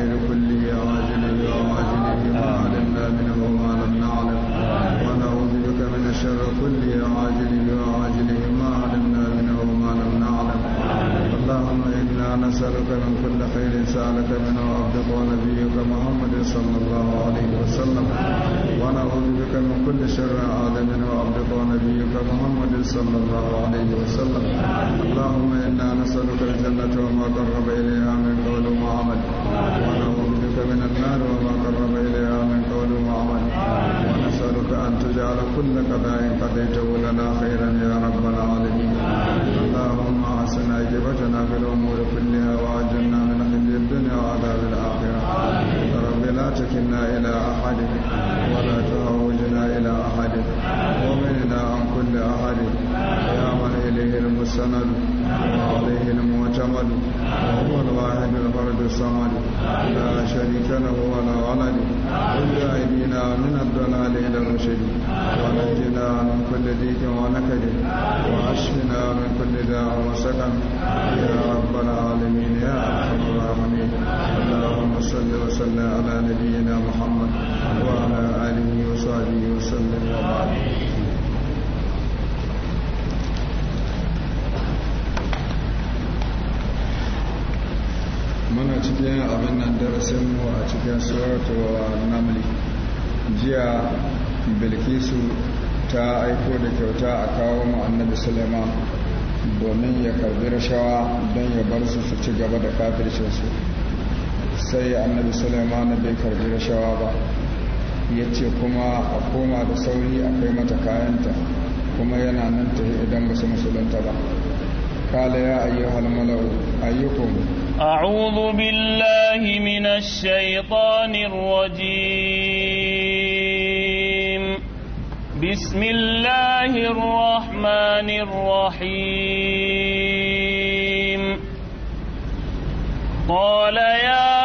الخير كله عاجله وعاجله ما علمنا منه وما لم نعلم ونعوذ بك من الشر كله عاجله وعاجله ما علمنا منه وما لم نعلم اللهم انا نسالك من كل خير سالك منه عبدك ونبيك محمد صلى الله عليه وسلم ونعوذ بك من كل شر عادم وعبدك ونبيك محمد صلى الله عليه وسلم اللهم إنا نسألك الجنة وما قرب إليها من قول وعمل ونعوذ بك من النار وما قرب إليها من قول وعمل ونسألك أن تجعل كل قضاء قضيته لنا خيرا يا رب العالمين اللهم أحسن عاقبتنا في الأمور كلها وأجرنا من خزي الدنيا وعذاب الآخرة لا تكلنا إلى أحد ولا تهوجنا إلى أحد ومننا عن كل أحد يا من إليه المستند وعليه المعتمد وهو الواحد الفرد الصمد لا شريك له ولا ولد كل أيدينا من الضلال إلى الرشد ونجنا من كل ديك ونكد وأشفنا من كل داء وسكن يا رب العالمين يا أرحم الراحمين وصل وسلم على نبينا محمد وعلى آله وصحبه وسلم وبعد muna cikin abin nan darasinmu a cikin suratu namli jiya bilkisu ta aiko da kyauta a kawo mu annabi suleiman domin ya karbi rashawa don ya bar su su ci gaba da kafircinsu sai annabi sulaimanu bai karbi rashawa ba ya ce kuma a koma da sauri a kai mata kayanta kuma yana nan ta idan ba su musulunta ba قال يا أيها الملأ أيكم أعوذ بالله من الشيطان الرجيم بسم الله الرحمن الرحيم قال يا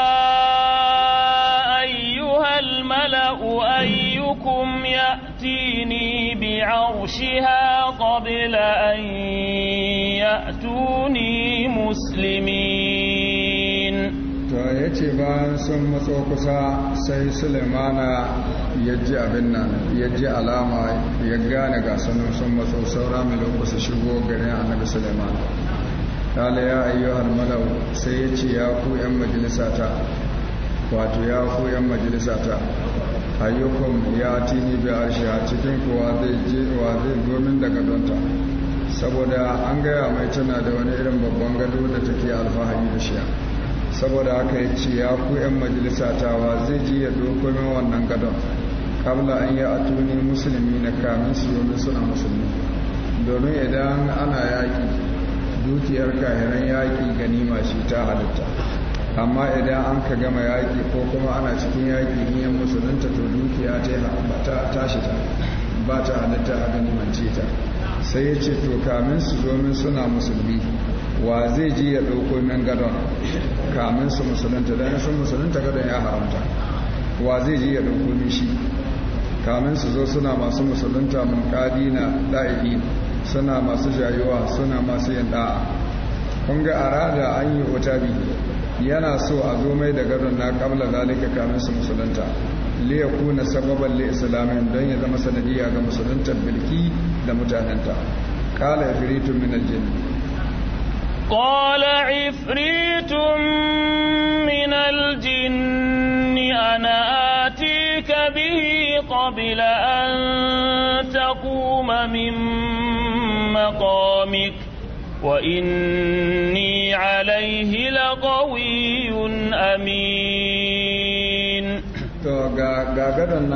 الملأ أيكم يأتيني بعرشها قبل أن يأتوني مسلمين to ya ce bayan sun matso kusa sai sulemana ya ji abin nan ya ji alama ya gane gasanin sun matso saura mai lokusa shigo garin annabi sulemana kala ya ayyuhar malau sai ya ce ya ku 'yan ta wato ya ku 'yan ta. ayyukan ya tini bi a cikin kuwa zai je wa zai domin da gadonta saboda an gaya mai tana da wani irin babban gado da take alfahari da shiya saboda haka ya ce ya ku yan majalisa tawa zai ji ya doko min wannan gadon kabla an yi atuni musulmi na kamin su domin suna musulmi domin idan ana yaƙi dukiyar kahiran yaƙi ganima shi ta halitta amma idan an ka gama yaƙi ko kuma ana cikin yaƙi niyan musulunta to dukiya ta tashi ta ba ta halitta a mance ta sai ya ce to kamin su zo min suna musulmi wa zai ji ya ɗauko min gadon kamin su musulunta don sun musulunta gadon ya haramta wa zai ji ya ɗauko min shi kamin su zo suna masu musulunta mun na ɗa'iɗi suna masu jayuwa suna masu yin ɗa'a kun ga rada an yi wuta biyu yana so a zo mai da gadon na kamla zalika kamin su musulunta li kuna sababan li islamin don ya zama sanadiyya ga musuluntar bilki da mutanenta kala ifritun min aljin. jinn qala ifritun min aljin jinn ana atika bihi qabla an taquma min maqamik wa inni عليه لقوي أمين ga gadon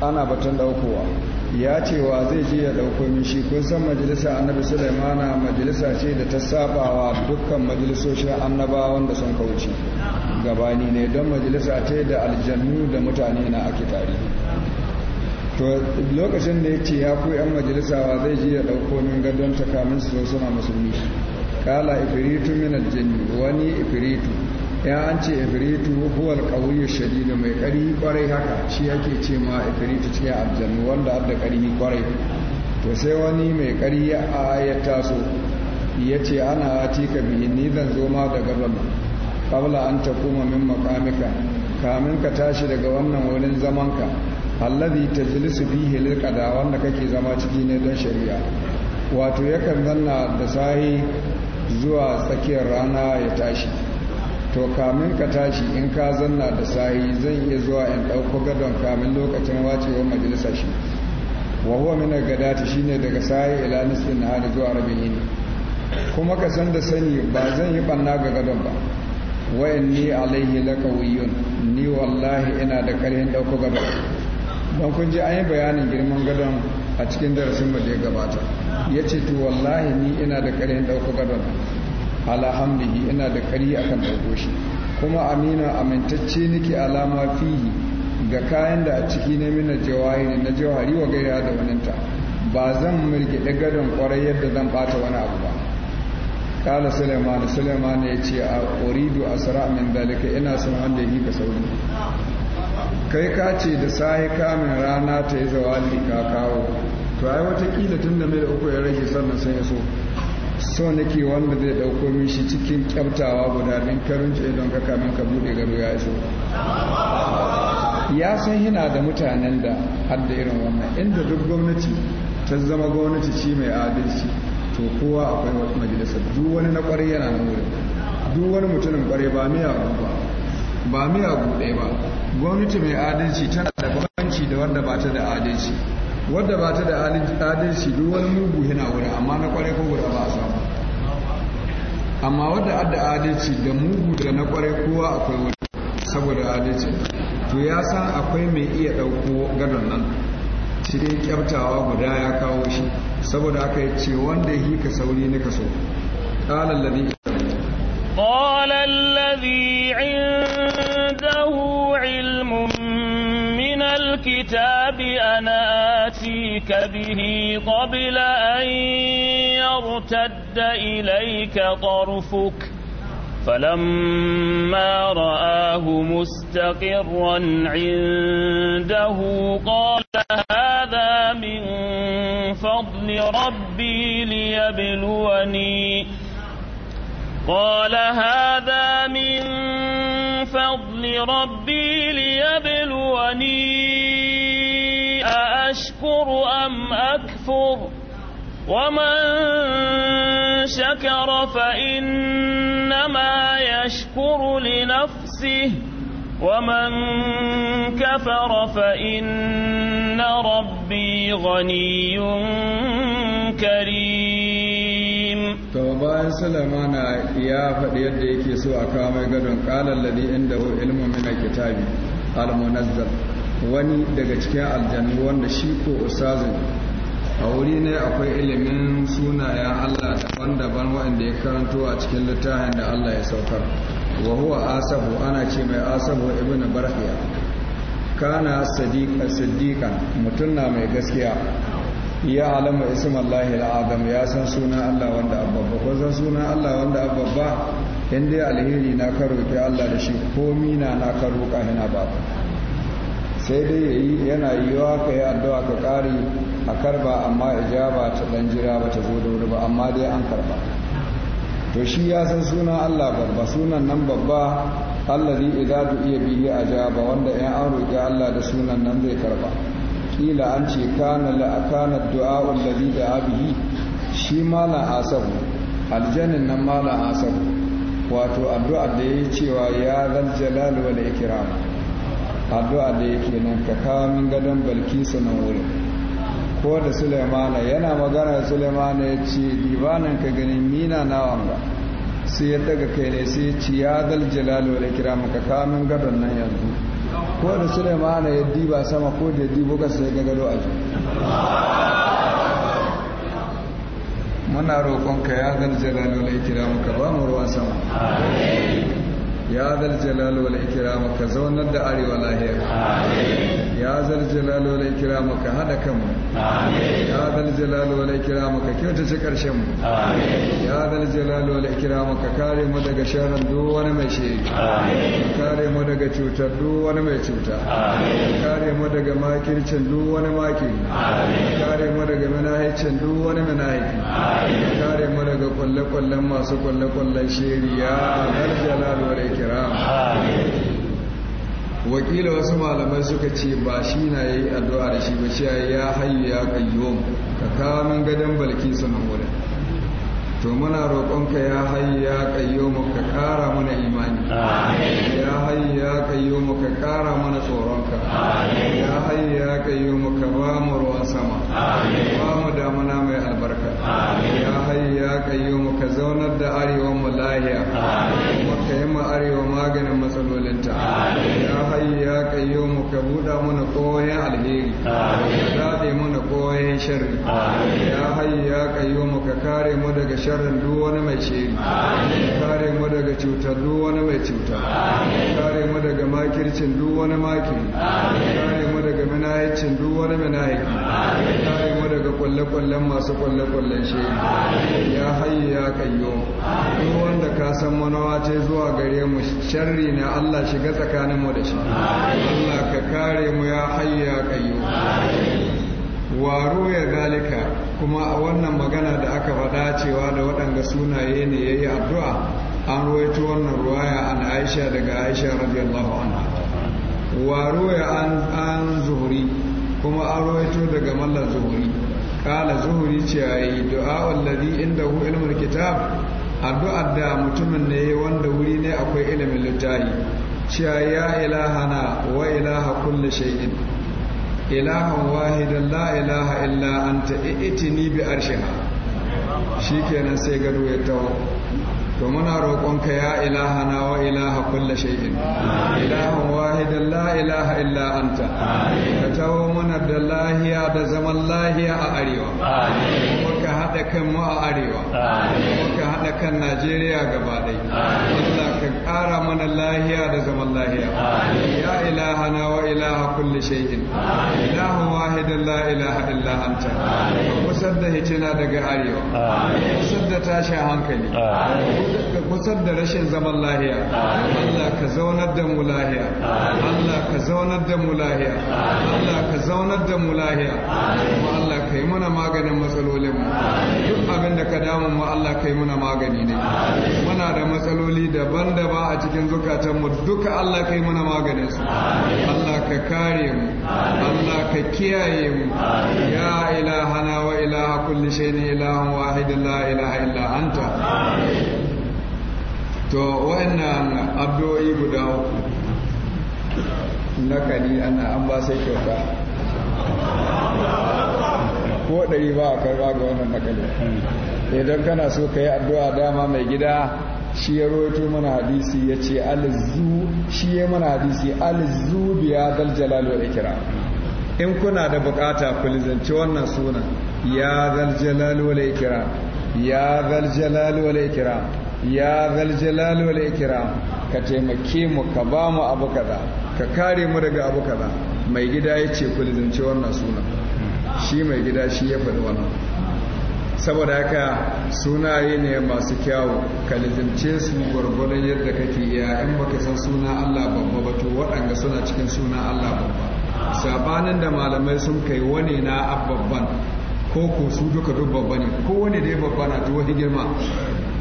ana batun daukowa ya ce wa zai je ya مجلس min سليمان مجلس شي ده annabi sulaimana majalisa ce da ta sabawa dukkan majalisoshin annabawan da sun kauce gabani ne don majalisa ce da aljannu da mutane na ake tare to lokacin da ya ce ya koyi yan majalisa wa zai je ya dauko min gadon takamin su suna musulmi kala ifiritu min aljin wani ifiritu ya an ce ifiritu huwa alqawiyyu shadidu mai ƙarfi kwarai haka shi yake ce ma ifiritu cikin aljannu wanda adda ƙarfi kwarai to sai wani mai ƙarfi a ya so ya ce ana atika bihi ni zan zo ma da gaban qabla an takuma min maqamika kamin ka tashi daga wannan wurin zaman ka allazi tajlisu fihi lilqada wanda kake zama ciki ne don shari'a wato yakan zanna da sahi zuwa tsakiyar rana ya tashi to kamin ka tashi in ka zanna da sahi zan iya zuwa in ɗauko gadon kamin lokacin wacewar majalisa shi wa huwa min gadati shine daga sahi ila nisfin nahari zuwa rabin yini kuma ka san da sani ba zan yi banna ga gadon ba wa inni alaihi laqawiyun ni wallahi ina da karhin ɗauko gadon don kun ji an yi bayanin girman gadon a cikin darasin mu da ya gabata ya ce to wallahi ni ina da ƙaryan ɗauko gadon alhamdihi ina da ƙari akan ɗauko shi kuma amina amintacce nake alama fihi ga kayan da a ciki na mina ne na jawahari wa gaira da waninta ba zan da gadon ƙwarai yadda zan ɓata wani abu ba kala suleiman suleiman ya ce a uridu asra min dalika ina son wanda yi ka sauri kai ka ce da sahi kamin rana ta yi zawa ka kawo to ai watakila tun da mai da uku ya rage sannan sai ya so so nake wanda zai dauko min shi cikin kyautawa guda din karunci don ka kamin ka bude gado ya so ya san yana da mutanen da hadda irin wannan inda duk gwamnati ta zama gwamnati ci mai adalci to kowa akwai wata majalisar duk wani na kwarai yana nan wurin duk wani mutumin kwarai ba miya ba ba miya ɗaya ba gwamnati mai adalci tana da bambanci da wadda ba ta da adalci wadda ba ta da adalci duk wani mugu yana wuri amma na kwarai ko guda ba a samu amma wadda adda adalci da mugu da na kwarai kowa akwai wuri saboda adalci to ya san akwai mai iya ɗauko gadon nan cire kyautawa guda ya kawo shi saboda aka yi ce wanda yi ka sauri na kaso ƙalar ladin الكتاب أنا آتيك به قبل أن يرتد إليك طرفك فلما رآه مستقرا عنده قال هذا من فضل ربي ليبلوني قال هذا من فضل ربي ليبلوني لم أكفر ومن شكر فإنما يشكر لنفسه ومن كفر فإن ربي غني كريم توبا سلمان يا فريد يكي سوى كامي قدن قال الذي عنده علم من الكتاب المنزل wani daga cikin aljannu wanda shi ko ustazin a wuri ne akwai ilimin sunayen Allah daban-daban waɗanda ya karanto a cikin littafin da Allah ya saukar wa huwa asabu ana ce mai asabu ibn barhiya kana siddiqan mutum na mai gaskiya ya alama ismallahi al'adam ya san suna Allah wanda ababba ko san suna Allah wanda ababba in dai alheri na karo ke Allah da shi komi na karo karoka hina ba sai dai yana yiwa ka yi addu'a ka ƙari a karba amma ijaba ta ɗan jira ba ta zo da wuri ba amma dai an karba to shi ya san suna Allah babba sunan nan babba allah zai allazi iya du'iya a jaba wanda in an roƙi Allah da sunan nan zai karba kila an ce kana la kana du'a allazi da bihi shi mala asabu aljannin nan mala asabu wato addu'a da yayi cewa ya zal jalal wal ikram addu'a da yake nan ka kawo min gadon balkisa nan wurin ko da sulemana yana magana da sulemana ya ce dibanan ka gani mina nawa ba sai ya daga kai ne sai ya ci ya dal jalalo da kira maka kawo min gadon nan yanzu ko da sulemana ya diba sama ko da ya dibo ka sai ga gado a muna roƙonka ya dal jalalo da kira maka ba mu ruwan sama ya zal jalalu wal ikram ka zaunar da arewa lahiya amin ya zal jalalu wal ikram ka hada kanmu amin ya zal jalalu wal ikram ka kyautace karshen mu amin ya zal jalalu wal ikram ka kare mu daga sharrin duk wani mai shiri amin kare mu daga cutar duk wani mai cuta amin kare mu daga makircin duk wani makiri amin kare mu daga manahicin duk wani manahiki amin kare mu daga kwalle-kwallen masu kwalle-kwallen shiri ya zal jalalu wal ikram kiram wakila wasu malamai suka ce ba shi na yi addu'a da shi ba shi ya hayu ya kayyom ka kawo min gadon balki sanan wurin to muna roƙonka ya hayu ya kayyom ka ƙara mana imani ya hayu ya kayyom ka ƙara mana tsoronka ya hayu ya kayyom ka ba mu ruwan sama ba mu damuna mai albarka ya hayyu ya qayyum ka zaunar da arewa mu lahiya kuma ka yi ma arewa maganin matsalolinta ya hayyu ya qayyum ka buɗa mana koyon alheri ka daɗe mana koyon sharri ya hayyu ya qayyum ka kare mu daga sharrin duk wani mai shiri ka kare mu daga cutar duk wani mai cuta ka kare mu daga makircin duk wani makiri ka kare mu manayacin duk wani minayiki ya yi mu daga kwalle-kwallen masu kwalle-kwallen shi ya hayi ya kayyo duk wanda ka san manawa ce zuwa gare mu sharri ne Allah shiga tsakanin mu da shi Allah ka kare mu ya hayi ya kayyo waro ya zalika kuma a wannan magana da aka faɗa cewa da waɗanda sunaye ne ya yi addu'a an ruwaito wannan ruwaya an aisha daga aisha radiyallahu anha wa ya an zuhuri kuma an ruwaito daga mallar zuhuri kala zuhuri ce a yi du'a wallazi inda hu ilmul kitab addu'ar da mutumin ne wanda wuri ne akwai ilimin littafi cewa ya ilahana wa ilaha kulli shay'in ilahan wahidan la ilaha illa anta i'tini bi arshiha shikenan sai gado ya tawo to muna roƙonka ya ilaha wa ilaha kulla shay'in ilahun wahidan la ilaha illa anta ka taho mana da lahiya da zaman lahiya a arewa haɗa kan mu a arewa ka haɗa kan najeriya gaba ɗai allah ka ƙara mana lahiya da zaman lahiya ya na wa ilaha kulli shay'in ilahu wahidin la ilaha illa anta ka kusar da hicina daga arewa ka kusar da tashin hankali ka kusar da rashin zaman lahiya allah ka zaunar da mu lahiya allah ka zaunar da mu lahiya allah ka zaunar da mu lahiya kuma allah ka yi mana maganin matsalolinmu duk abin da ka damu mu Allah kai muna magani ne muna da matsaloli daban-daban a cikin zukatan mu duka Allah kai muna magani su Allah ka kare mu Allah ka kiyaye mu ya ilahana wa ilaha kulli shay'in ilahun wahidin la ilaha illa anta to wa'annan addu'o'i guda uku nakali ana an ba sai kyauta ko ɗari ba a karɓa ga wannan nakali idan kana so ka yi addu'a dama mai gida shi ya roto mana hadisi ya ce alizu shi ya mana hadisi alizu biya dal jalal wa ikira. in kuna da bukata ku lizanci wannan sunan ya dal jalal wa ikira. ya dal jalal wa ikira. ya dal jalal wa ikira. ka taimake mu ka ba mu abu kaza ka kare mu daga abu kaza mai gida ya ce ku lizanci wannan sunan shi mai gida shi ya faɗi wannan saboda haka sunaye ne masu kyawu ka lizimce su gwargwadon yadda kake iya in baka san suna Allah babba ba to waɗanda suna cikin suna Allah babba sabanin da malamai sun kai wani na ababban ko ko su duka duk babba ne ko wani da ya babba na ji wani girma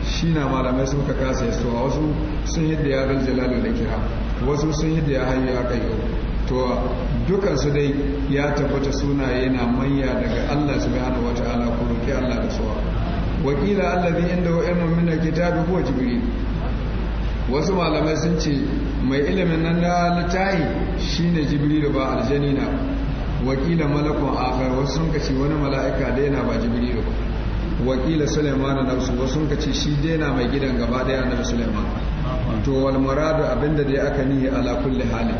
shi na malamai sun ka kasa yasuwa wasu sun yadda yaron jalalu da kira wasu sun yi da ya hayu ya kai to dukansu dai ya tabbata sunaye na manya daga Allah subhanahu Wata Ala, ku roƙi Allah da suwa wakila Allah zai inda wa ke ta bi huwa jibril wasu malamai sun ce mai ilimin nan na littahi shine da ba aljani na wakila malakon akhar wasu sun kace wani mala'ika da yana ba da ba wakila na nafsu wasu sun kace shi dai na mai gidan gaba daya yanar Suleiman. to wal muradu abinda dai aka ni ala kulli hali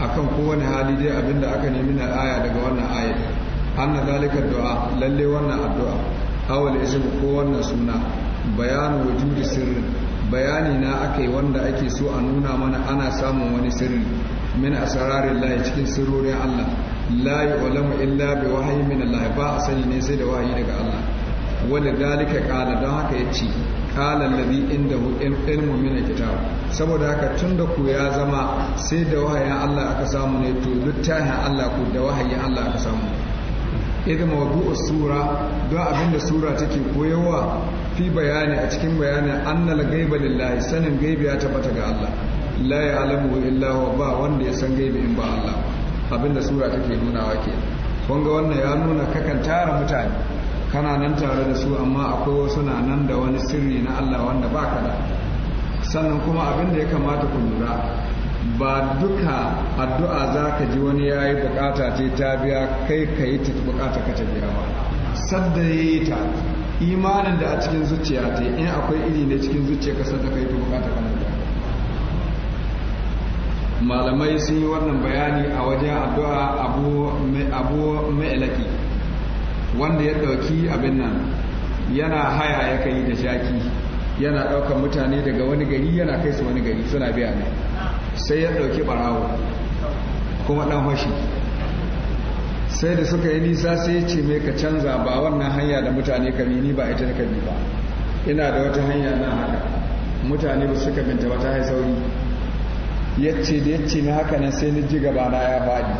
akan kowane hali dai abinda aka nemi na aya daga wannan aya anna zalika du'a lalle wannan addu'a awal ism ko wannan suna bayanu wujudi sirrin bayani na akai wanda ake so a nuna mana ana samun wani sirri min asrarin lahi cikin sirrorin Allah la ya'lamu illa bi wahyi min Allah ba a sani ne sai da wahayi daga Allah wanda dalika kala don haka yace qala inda indahu ilmu min kitab saboda haka tunda ku ya zama sai da wahayin Allah aka samu ne to littafin Allah ku da wahayin Allah aka samu idan mawdu'u sura don da sura take koyarwa fi bayani a cikin bayanin annal gaiba lillahi sanin gaibi ya tabbata ga Allah la ya'lamu illa huwa ba wanda ya san gaibi in ba Allah abin da sura take nunawa ke kun ga wannan ya nuna kakan tara mutane kana nan tare da su amma akwai wasu na nan da wani sirri na Allah wanda ba ka da sannan kuma abin da ya kamata ku lura ba duka addu'a za ka ji wani ya yi bukata ce ta biya kai ka yi ta bukata ka ta biya ba sadda ya yi ta imanin da a cikin zuciya ta in akwai iri ne cikin zuciya ka sadda ka yi ta bukata ka biya malamai sun yi wannan bayani a wajen addu'a abu mai alaƙi wanda ya ɗauki abin nan yana haya ya kai da shaki yana ɗaukar mutane daga wani gari yana kai su wani gari suna biya ne sai ya ɗauki ɓarawo kuma ɗan fashi sai da suka yi nisa sai ya ce mai ka canza ba wannan hanya da mutane ka ni ba ita ka bi ba ina da wata hanya na haka mutane ba suka binta wata hai sauri yace da yace na haka nan sai ni ji gaba na ya faɗi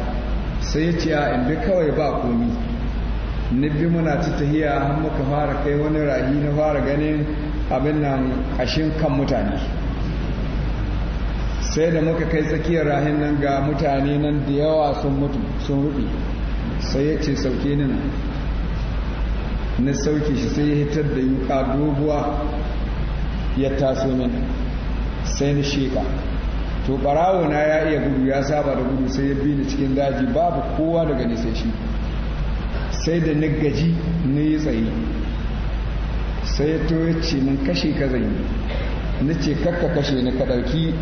sai ya ce a inda kawai ba komi nibbi muna ci tahiya har muka fara kai wani rahi na fara ganin abin nan ƙashin kan mutane sai da muka kai tsakiyar rahin nan ga mutane nan da yawa sun mutu sun rubi sai ya ce sauke ni nan na sauke shi sai ya hitar da yuka doguwa ya taso min sai ni sheka to barawo na ya iya gudu ya saba da gudu sai ya bi ni cikin daji babu kowa daga sai shi sai da ni gaji na yi tsaye sai to ya ce min kashe ka zan yi na ce kakka kashe ni ka ɗauki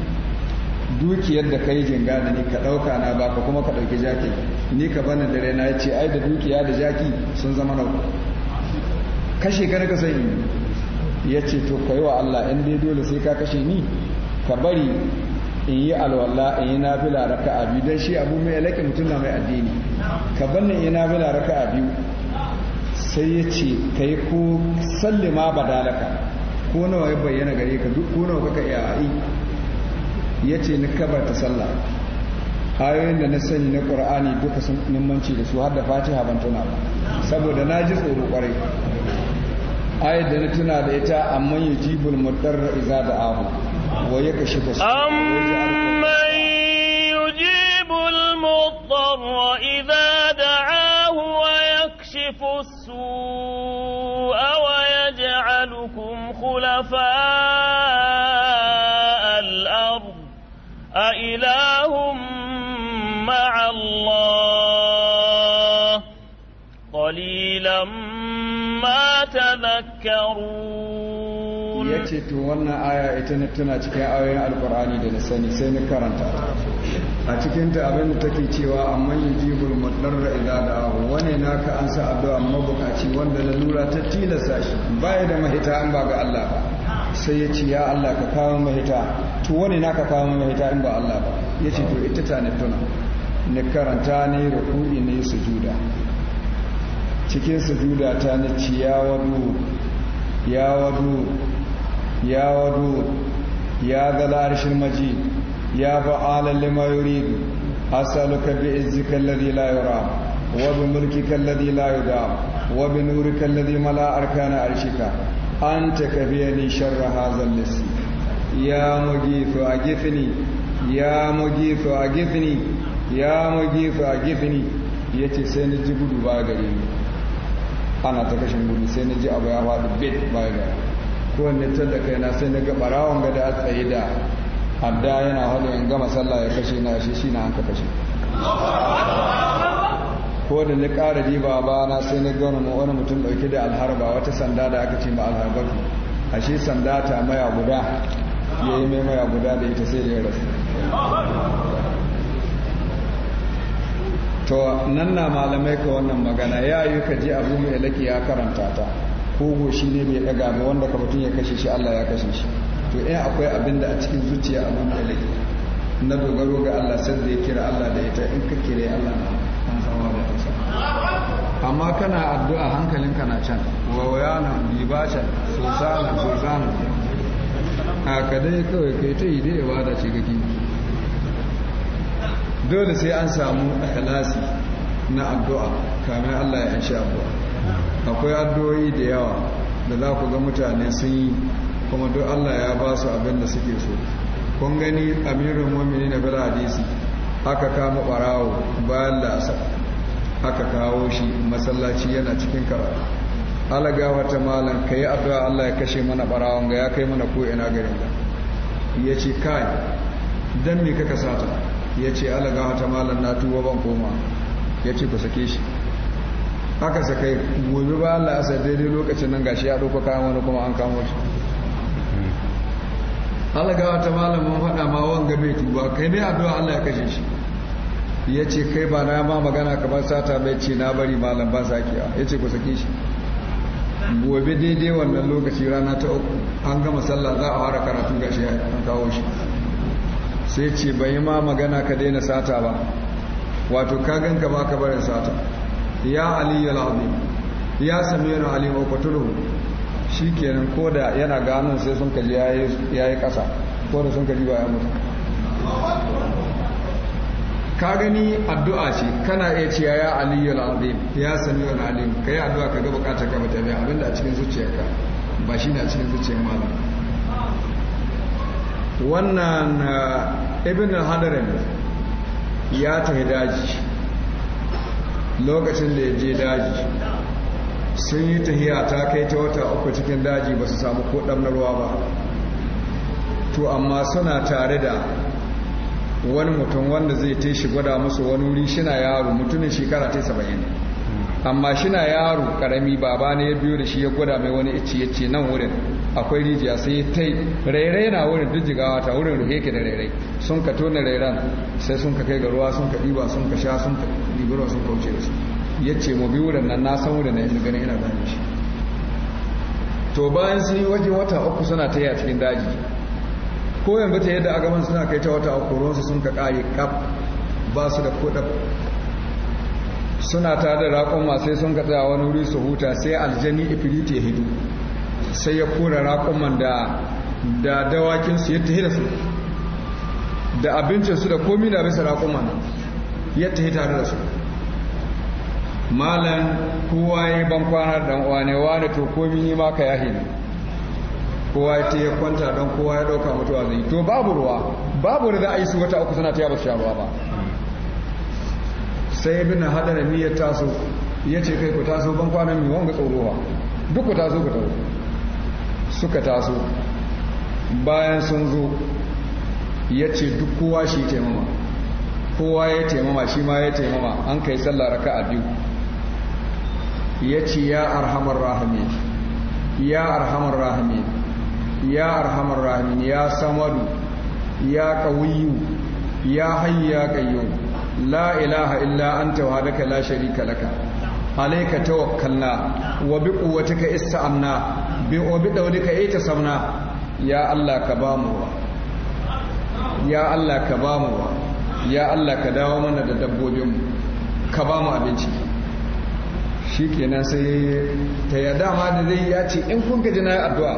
dukiyar da ka yi jinga da ni ka ɗauka na baka kuma ka ɗauki jaki ni ka bani dare na ya ce ai da dukiya da jaki sun zama na kashe ka na ka ya ce to ka yi wa Allah in dai dole sai ka kashe ni ka bari in yi alwala in yi nafila raka a biyu don shi abu mai alaƙi mutum na mai addini ka banni in yi nafila raka a biyu sai ya ce ka yi ko sallima dalaka ko nawa ya bayyana gare ka duk ko nawa kaka iya yi ya ce ni kabar ta sallah ayoyin da na sani na ƙur'ani duka sun nimmanci da su har da fatiha ban tuna ba saboda na ji tsoro kwarai ayar da na tuna da ita amman yujibul mudarra iza da ahu أمن يجيب المضطر إذا دعاه ويكشف السوء ويجعلكم خلفاء الأرض أإله مع الله قليلا ما تذكرون ce to wannan aya ita tana cikin ayoyin alkur'ani da na sani sai na karanta a cikin ta abin da take cewa amma yujibul mudarra idza da'ahu wane naka an sa addu'a mabukaci wanda lalura ta tilasta shi baya da mahita an ba ga Allah ba sai ya ce ya Allah ka kawo mahita to wane naka kawo mahita in ba Allah ba ya ce to ita ta ne tuna ni karanta ne ruku'i ne sujuda cikin sujuda ta ni ciyawa ya wadu ya wadu ya ga larishin maji ya ba alal lima yuri asaluka bi izzikan ladhi layura yura wa bi mulkikan ladhi la yuda wa bi nurikan ladhi mala arkana arshika anta kafiyani sharra hazal lisi ya mugi a agifni ya mugi a agifni ya mugi a mujifu ya ce sai na ji gudu ba gari ana ta kashin gudu sai na ji abu ya faɗi bit ba gare Kowane ne tar da kaina sai na gaba barawon gada a tsaye da adda yana hada in gama sallah ya kashe na shi shi na an ka kashe ko da ni ƙara diba ba na sai na gano mu wani mutum ɗauke da alharba wata sanda da aka ce ma a shi sanda ta maya guda ya yi mai maya guda da ita sai da ya rasu to nan na malamai ka wannan magana ya yi ka ji abu mai laki ya karanta ta kogo shi ne mai daga mai wanda ka mutum ya kashe shi Allah ya kashe shi to in eh, akwai abin da a cikin zuciya a nuna ilai na dogaro ga Allah sai da ya kira Allah da ita in ka kire Allah na an zama da kusa amma kana addu'a ka na can wawayana libasha susana a ka dai kawai kai ta yi dai ibada ce gaki dole sai an samu ikhlasi na addu'a kamar Allah ya shi addu'a akwai addu'o'i da yawa da za ku ga mutane sun yi kuma duk Allah ya ba su abin da suke so kun gani amirin mu'minin na bala hadisi aka kama barawo bayan la'asar aka kawo shi masallaci yana cikin karatu alagawa ta malam ka yi addu'a Allah ya kashe mana barawon ga ya kai mana ko'ina garin ga ya ce kai don me kaka sata ya ce alagawa ta malam na tuwa ban koma ya ce ku sake shi sa sakai gobe ba Allah sai daidai lokacin nan gashi ya ɗauka kayan wani kuma an kamo shi Allah ga ta malamin faɗa ma wanga bai tuba kai ne addu'a Allah ya kashe shi ya ce kai ba na ma magana kamar sata bai ce na bari malam ba sakiya ya ce ku saki shi gobe daidai wannan lokaci rana ta uku an gama sallah za a fara karatu gashi an kawo shi sai ce bai ma magana ka daina sata ba wato ka ganka ba ka barin sata ya aliyu al'azim ya samiru alim shi shikenan ko da yana gano sai sun kalli ya yi kasa ko da sun kalli ba ya mutu ka gani addu'a ce kana iya cewa ya aliyu al'azim ya samiru alim yi addu'a ka ga bukatar ka mutane abinda a cikin zuciyarka ba shi na cikin zuciyar malam wannan eh, ibn al-hadarin ya tafi daji lokacin da ya je daji sun yi tahiya ta kai ta wata uku cikin daji ba su samu ko ɗamnarwa ba to amma suna tare da wani mutum wanda zai ta shi gwada musu wani wuri shina yaro mutumin shekara ta saba'in amma shina yaro karami baba ne ya biyo da shi ya gwada mai wani ice ya ce nan wurin akwai rijiya sai ta yi rairai na wurin jijjigawa ta wurin ruhe ke da rairai sun ka tona rairan sai sun ka kai ga ruwa sun ka ɗiba sun ka sha sun ka ɗibarwa sun kauce da su ya ce mu bi wurin nan na san wurin na yin ganin ina gane shi to bayan sun yi waje wata uku suna ta yi a cikin daji ko yanzu ta yadda agaman suna kai ta wata uku ruwansu sun ka ƙare kaf ba su da kuɗa suna tare da raƙon masu sai sun ka tsaya wani wuri su huta sai aljani ifiriti ya hidu sai ya kora raƙuman da da dawakinsu ya tahi da su da abincinsu da komi da bisa raƙuman ya tahi tare da su malam kowa ya ban kwanar dan uwa ne to komi ni ma ka yahi ne kowa ya ta ya kwanta don kowa ya ɗauka mutuwa zai to babu ruwa babu da za a yi su wata uku suna ta yaba sha ba sai ibn hadar mi ya taso ya ce kai ku taso ban kwanan mi wanga tsoro duk ku taso ku taso suka taso bayan sun zo ya ce duk kowa shi taimama kowa ya taimama shi ma ya taimama an kai sallah raka a biyu ya ce ya arhamar rahimi ya arhamar rahimi ya arhamar rahimi ya samadu ya kawiyu ya hayyu ya qayyum la ilaha illa anta wahdaka la sharika laka alayka tawakkalna wa bi quwwatika ista'anna bi obi daulika ita samna ya Allah ka ba mu wa ya Allah ka ba mu wa ya Allah ka dawo mana da dabbobinmu ka ba mu abinci shi kenan sai ta ya dama da zai ya ce in kun gaji na yi addu'a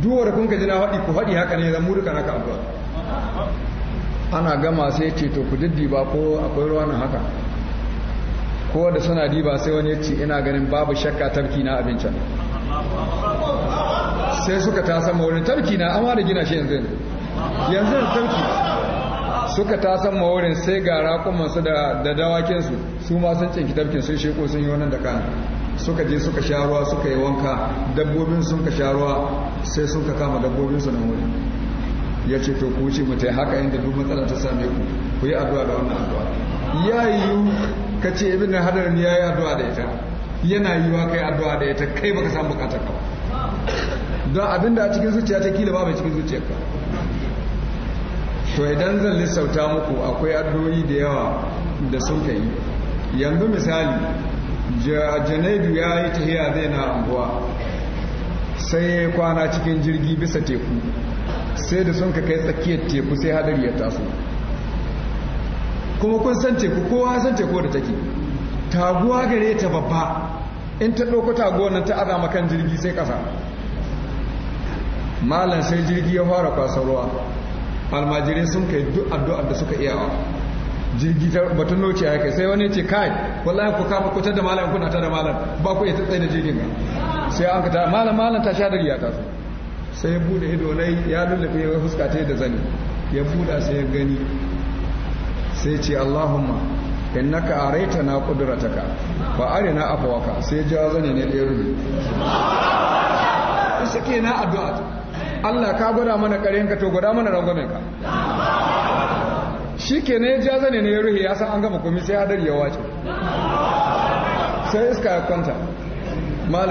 duwar kun gaji na haɗi ku haɗi haka ne zan murka ka addu'a ana gama sai ce to ku diddi ba ko akwai ruwa na haka ko da suna diba sai wani ya ce ina ganin babu shakka tarki na abincin sai suka ta sama wurin tarki na amma da gina shi yanzu yanzu tarki suka ta sama wurin sai ga rakumansu da dawakensu su ma sun cinki tarkin sun sheko sun yi wannan da kan suka je suka sha ruwa suka yi wanka dabbobin sun ka sha ruwa sai sun ka kama dabbobin su na wuri ya ce to ku ce mutai haka inda duk matsala ta same ku ku yi addu'a da wannan addu'a ya yiwu ka ce ibn hadar ya yi addu'a da ita yana yiwa kai addu'a da ita kai baka san bukatar ka don abinda a cikin zuciya ta kila ba mai cikin ka to idan zan lissauta muku akwai addu'o'i da yawa da sun ka yi yanzu misali janaidu ya yi tahiya zai na anguwa sai ya kwana cikin jirgi bisa teku sai da sun ka kai tsakiyar teku sai hadari ya taso kuma kun san teku kowa san teku da take taguwa gare ta babba in ta ɗauko taguwa nan ta azama kan jirgi sai ƙasa malam sai jirgi ya fara kwasar ruwa almajirin sun kai duk addu'ar da suka iyawa jirgi ta batun noce ya kai sai wani ce kai wallahi ku kafa ku da malam kuna ta da malam ba ku iya tsaye da jirgin ga sai an kata malam malam ta sha da riya ta sai ya bude ido nai ya lullufe ya fuska ta da zani ya buda sai ya gani sai ce Allahumma innaka araita na kudrataka fa arina afwaka sai ya jawo zani ne da ya rubi shi kenan addu'a Allah ka gwada mana ka to gwada mana rangwamenka shi ke ne ja zane ne ya ruhe ya san an gama komi sai hadari ya wace sai iska ya kwanta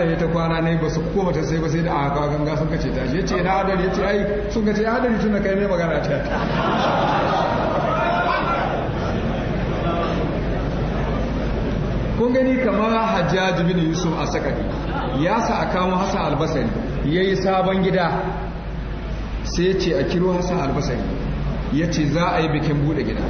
ya ta kwana ne ba su koma ta sai ba sai da aka kawo ganga sun kace ta ya ce na hadari ya ce ai sun kace ya hadari tun da kai mai magana ta kun gani kamar hajjaj bin yusuf a sakari ya sa a kamo hasa albasari ya yi sabon gida sai ya ce a kiro hassan albasari ya ce za a yi bikin buɗe gida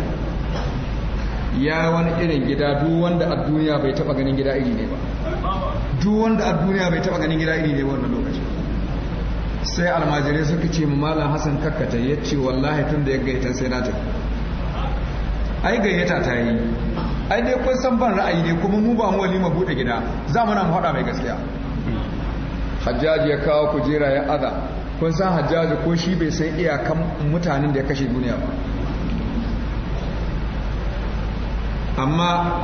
ya wani irin gida duk wanda a duniya bai taɓa ganin gida iri ne ba duk wanda a duniya bai taɓa ganin gida iri ne wannan lokacin sai almajirai suka ce mu malam hassan kakkata ya ce wallahi tun da ya gaita sai na ta ai gayyata ta yi ai dai kun san ban ra'ayi ne kuma mu ba mu walima buɗe gida za mu na mu hada mai gaskiya hajjaji ya kawo kujera ya ada. kun san hajjaji ko shi bai san iyakan mutanen da ya kashe duniya ba amma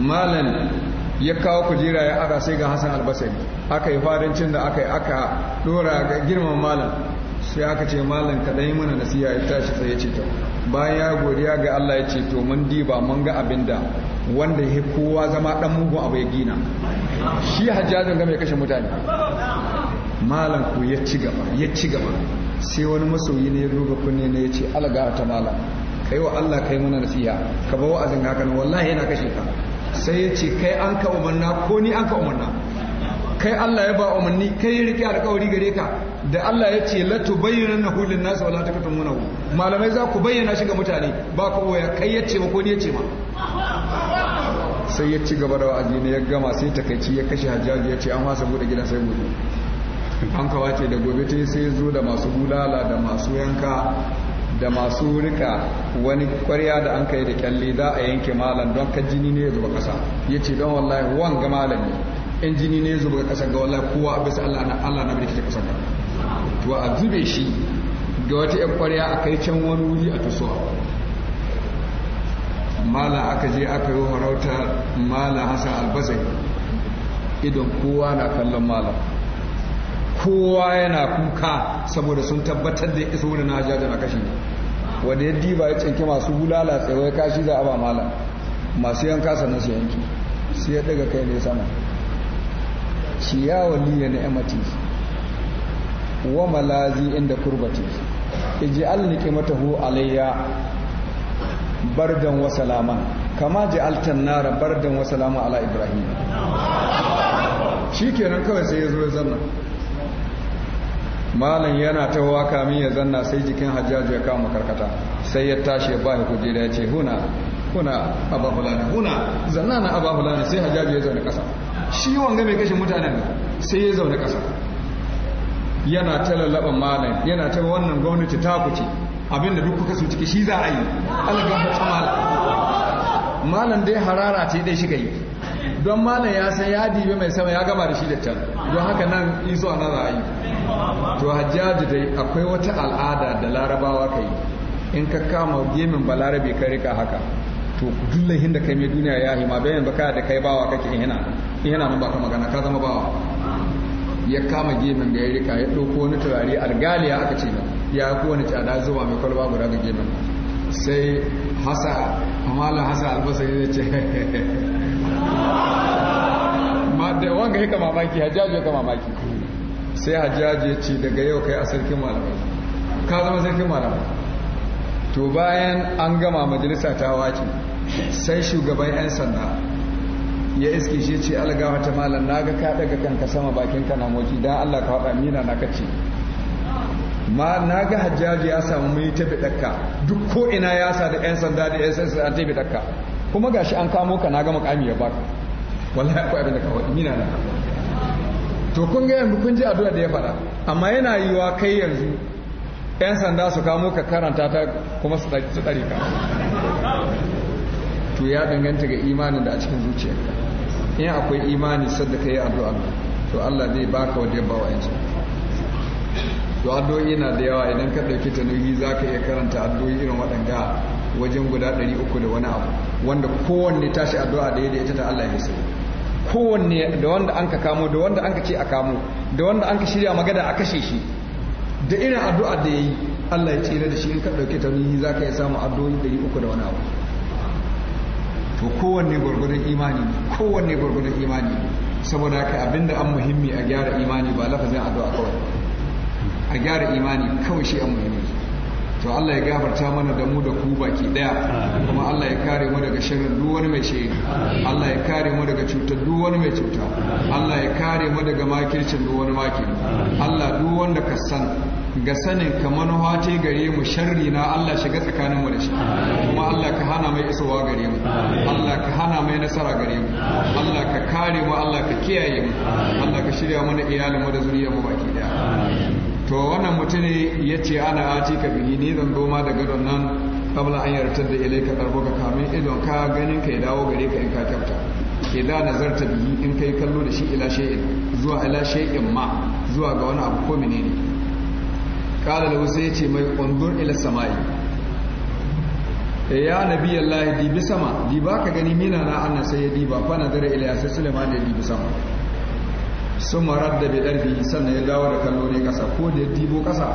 malam ya kawo kujera ya ara sai ga hassan albasari aka yi farincin da aka yi aka dora ga girman malam sai aka ce malam ka ɗanyi mana nasiha ya tashi sai ya ce bayan ya godiya ga Allah ya ce to mun diba mun ga abin da wanda ya kowa zama ɗan mugun abu ya gina shi hajjajin ga mai kashe mutane malam ko ya ci gaba ya ci gaba sai wani masoyi ne ya duba kunne ne ya ce alaga ta malam kai wa Allah kai mana nasiha ka ba wa'azin haka nan wallahi yana kashe ka sai ya ce kai an ka umarna ko ni an ka umarna kai Allah ya ba umarni kai ya rike alƙawari gare ka da Allah ya ce la tubayyana hulun nas wala takatumunahu malamai za ku bayyana shi ga mutane ba ku waya kai ya ce ma ko ni ya ce ma sai ya ci gaba da wa'azi ne ya gama sai takaici ya kashe hajjaji ya ce an hasa bude gidan sai gobe hankawa ce da gobe ta sai zo da masu bulala da masu yanka da masu rika wani kwarya da an kai da kyalle za a yanke malam don ka jini ne ya zuba kasa ya ce don wallahi malam ne in jini ne ya zuba kasa ga wallahi kowa a bisa allah na allah na birkita kasa ka to a zube shi ga wata yan kwarya a kai can wani wuri a tasowa mala aka je aka yi harauta mala hasan albasai idan kowa na kallon malam kowa yana kuka saboda sun tabbatar da iso da na jajen a kashi ne wanda ya diba ya cinke masu bulala tsawai kashi za a ba mala masu yanka sannan su yanki sai ya daga kai ne sama ciyawa ya na emati wa malazi inda kurbati iji mata hu alayya bardan wa salama kama ji altan nara bardan wa salama ala ibrahim shi kenan kawai sai ya zo ya zanna malam yana ta waka min ya zanna sai jikin hajjaju ya kama karkata sai ya tashi ya bahi kujera ya ce huna huna aba fulani huna zanna na aba fulani sai hajjaju ya zaune kasa shi wanga mai kashe mutanen sai ya zaune kasa yana ta lallaba malam yana ta wannan gwamnati ta kuce abinda duk kuka su ciki shi za a yi alaga ta malam malam dai harara ce dai shi ka yi don malam ya san ya dibe mai sama ya gama da shi da can don haka nan iso ana ra'ayi to hajjaji dai akwai wata al'ada da larabawa ka yi in ka kama gemin larabe ka rika haka to dullahin da kai mai duniya ya hima bayan baka da kai bawa kake in yana in yana nan baka magana ka zama bawa ya kama gemin da ya rika ya doko wani turare algaliya aka ce ya ko wani tsada zuwa mai kwalba guda ga gemin sai hasa amala hasa albasa ya ce da wanga ya kama maki hajjaji ya kama maki sai hajjaji ya ce daga yau kai a sarkin malamai ka zama sarkin malamai to bayan an gama majalisa ta waki sai shugaban 'yan sanda ya iske shi ce algawa ta malam na ga ka daga kanka sama bakin ka na moki don allah ka faɗa mina na kace ma na ga hajjaji ya samu mai tafi ɗakka duk ko ina ya sa da 'yan sanda da 'yan sanda ta ɗakka kuma gashi an kamo ka na ga mukami ya baka wallahi akwai abin da ka faɗi mina na to kun ga yanzu kun ji addu'a da ya faɗa amma yana yiwa kai yanzu yan sanda su kamo ka karanta ta kuma su tsare ka to ya danganta ga imanin da a cikin zuciya in akwai imani sadda ka yi addu'a to Allah zai baka wanda ya wa yanzu to addu'o'i na da yawa idan ka ɗauki tanuhi za ka iya karanta addu'o'i irin waɗanda wajen guda 300 da wani abu wanda kowanne tashi addu'a da yadda ita tata Allah ya sani kowanne da wanda an ka kamo da wanda an ka ce a kamo da wanda an ka shirya magana a kashe shi da irin addu'a da ya yi Allah ya tsira da shi in ka dauke ta nihi za ka yi samun addu'o'i 300 uku da wani abu to kowanne gwargwadon imani ne kowanne gwargwadon imani saboda kai abinda an muhimmi a gyara imani ba lafazin addu'a kawai a gyara imani kawai shi an muhimmi to Allah ya gabarta mana da mu da ku baki daya kuma Allah ya kare mu daga sharrin duk wani mai shi Allah ya kare mu daga cutar duk wani mai cuta Allah ya kare mu daga makircin duk wani makiri Allah duk wanda ka san ga sanin ka manuwa ce gare mu sharri na Allah shiga tsakanin mu da shi kuma Allah ka hana mai isowa gare mu Allah ka hana mai nasara gare mu Allah ka kare mu Allah ka kiyaye mu Allah ka shirya mana iyalin mu da zuriyar mu baki daya to wannan mutum ne ya ce ana ati ka bihi ni zan zo ma da gadon nan kabla an yartar da ilaika ka kamin idon ka ganin ka ya dawo gare ka in ka kyauta idan nazarta bihi in kai kallo da shi ila shay'in zuwa ila shay'in ma zuwa ga wani abu ko menene kala da wasu ya ce mai undur ila sama'i eh, ya nabi Allah dibi sama diba ka gani mina na annan sai ya diba fa nazara ila sai Sulaiman ya dibi sama sun marar da bai ɗarfi sannan ya dawo da kallo ne ƙasa ko da ya dibo ƙasa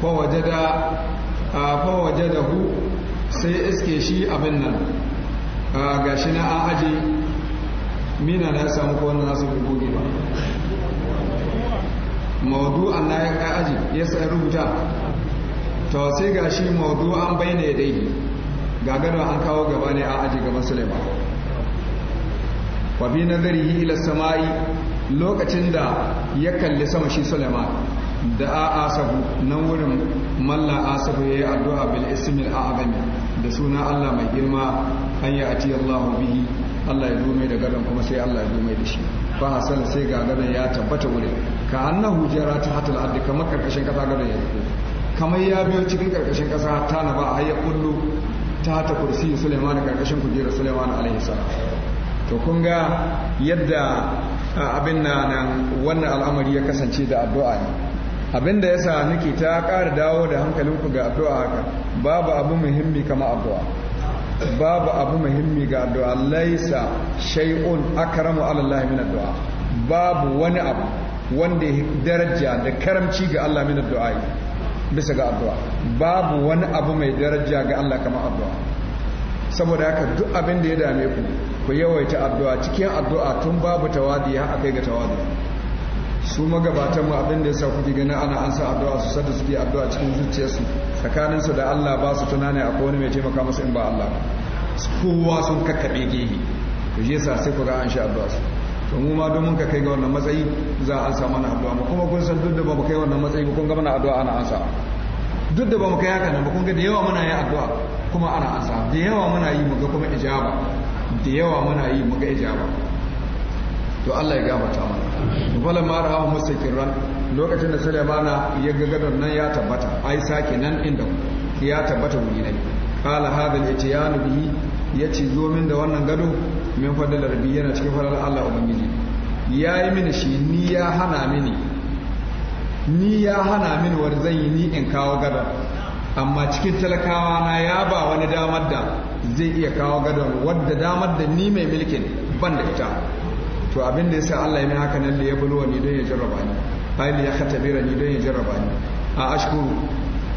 waje da hu sai iske shi abin nan ga shi na an aji mina na samu ko wannan nasu goge ba maudu an na ya aji ya sai rubuta to sai ga shi an bai ne dai gagarwa an kawo gaba ne an aji gaban sulaiman wa bi nazarihi ila samai lokacin da ya kalli sama shi Suleiman da a Asabu nan wurin malla Asabu ya yi addu'a bil ismil a'azami da suna Allah mai girma an yi ati Allahu bihi Allah ya zo mai da gadon kuma sai Allah ya zo mai da shi ba hasan sai ga gadon ya tabbata wurin ka annahu ta hatal ardi kamar karkashin kasa gadon ya kamar ya biyo cikin karkashin kasa ta na ba a ya kullu ta ta kursi Sulaiman karkashin kujerar Sulaiman alaihi salam to kun ga yadda abin nan wannan al'amari ya kasance da addu'a ne abin da yasa nake ta ƙara dawo da hankalinku ga addu'a haka babu abu muhimmi kama addu'a babu abu muhimmi ga addu'a laisa shay'un akramu ala Allah min addu'a babu wani abu wanda ya daraja da karamci ga Allah min addu'a bisa ga addu'a babu wani abu mai daraja ga Allah kama addu'a saboda haka duk abin da ya dame ku ku yawaita addu'a cikin addu'a tun babu tawadi ya haka ga tawadi su magabatan mu abin da sa kuke ganin ana an sa addu'a su sadda suke addu'a cikin zuciyarsu tsakaninsu da Allah ba su tunani a wani mai taimaka musu in ba Allah kowa sun kakkaɓe gehe to je sa sai ku ga an sha addu'a su to mu ma domin ka kai ga wannan matsayi za a ansa mana addu'a mu kuma kun san duk da ba mu kai wannan matsayi ba kun ga mana addu'a ana ansa duk da ba mu kai haka nan ba kun ga da yawa muna yin addu'a kuma ana ansa da yawa muna yi mu ga kuma ijaba da yawa muna yi muga ijaba to Allah ya gafarta mana wala ma ra'a mustakirran lokacin da Sulaimana ya ga gadon nan ya tabbata ai sake nan inda ya tabbata wuri ne qala hadha al-ityan bihi yace zo min da wannan gado min fadal rabbi yana cikin fadal Allah ubangiji yayi mini shi ni ya hana mini ni ya hana mini war zan yi ni in kawo gadon amma cikin talakawa na ya ba wani damar da zai iya kawo gadon wadda damar da ni mai mulkin ban da ita to abin da ya sa Allah ya mai haka nan da ya buluwa ni don ya jarraba ni hali ya khatabira ni don ya jarraba ni a ashkuru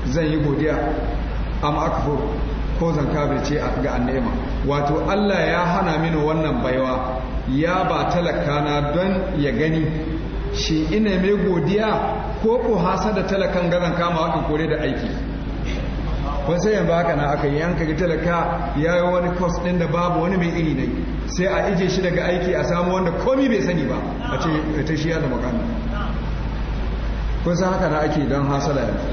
zan yi godiya am akfur ko zan kafirce ga annema wato Allah ya hana mini wannan baiwa ya ba talaka na don ya gani shi ina mai godiya ko ko hasada talakan gazan kama wakin kore da aiki kun sai yanzu haka na aka yi an kaga talaka ya yi wani kwas ɗin da babu wani mai iri ne sai a ije shi daga aiki a samu wanda komi bai sani ba a ce ta shi yana makami kun sai haka na ake don hasala yanzu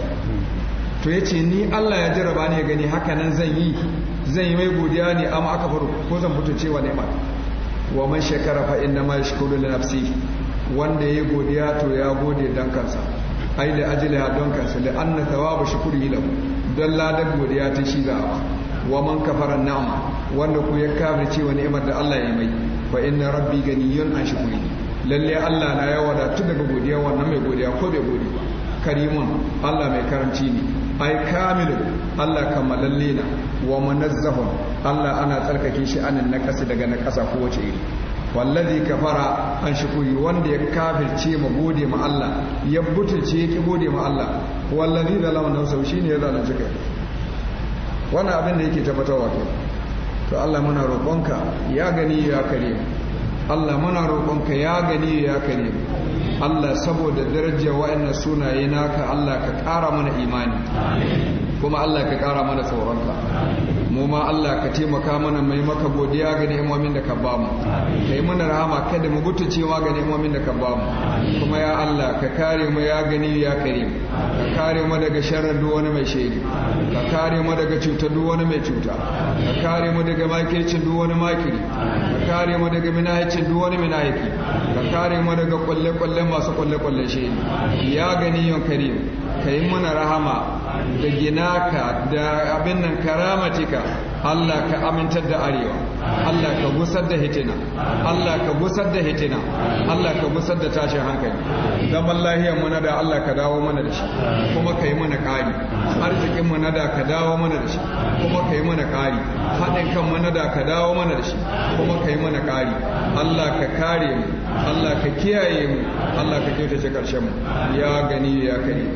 to ya ce ni allah ya jarraba ne ya gani haka nan zan yi zan yi mai godiya ne amma aka faru ko zan fito cewa ne wa man shekara fa inna ma yashkuru li nafsi wanda ya godiya to ya gode dan kansa ai da ajila don kansa li anna thawabu shukri lahu don ladar godiya ta shi za wa man kafara na'ama wanda ku ya ce wa ni'imar da Allah ya mai fa inna rabbi ganiyun an shukuri lalle Allah na ya wadatu daga godiya wannan mai godiya ko bai gode ba karimun Allah mai karanci ne ai kamilu Allah kamalalle na wa munazzahun Allah ana tsarkake shi anan kasa daga na ko kowace iri wallazi kafara an shukuri wanda ya kafirce ma gode ma Allah ya butulce ya ki gode ma Allah wallazi zalama nafsahu shine ya zalunci kai wannan abin da yake tabbatarwa to to Allah muna roƙonka ya gani ya kare Allah muna roƙonka ya gani ya kare Allah saboda darajar wa'annan sunaye naka Allah ka ƙara mana imani kuma Allah ka ƙara mana tsoronka mu ma Allah ka taimaka mana mai maka godiya ga ni'imomin da ka ba mu yi mana rahama kada mu gutucewa ga ni'imomin da ka ba mu kuma ya Allah ka kare mu ya gani ya karim ka kare mu daga sharar duk wani mai shiri ka kare mu daga cuta duk wani mai cuta ka kare mu daga makircin duk wani makiri ka kare mu daga minayicin duk wani minayiki ka kare mu daga kwalle-kwalle masu kwalle-kwalle shiri ya gani yan karim ka yi mana rahama da ginaka da abin nan karamatika Allah ka amintar da arewa Allah ka gusar da hitina Allah ka gusar da hitina Allah ka gusar da tashin hankali zaman lahiyar mu na da Allah ka dawo mana da shi kuma ka yi mana ƙari arzikin mu na da ka dawo mana da shi kuma ka yi mana ƙari haɗin kan mu na da ka dawo mana da shi kuma ka yi mana ƙari Allah ka kare mu Allah ka kiyaye mu Allah ka kyautace karshen mu ya gani ya kari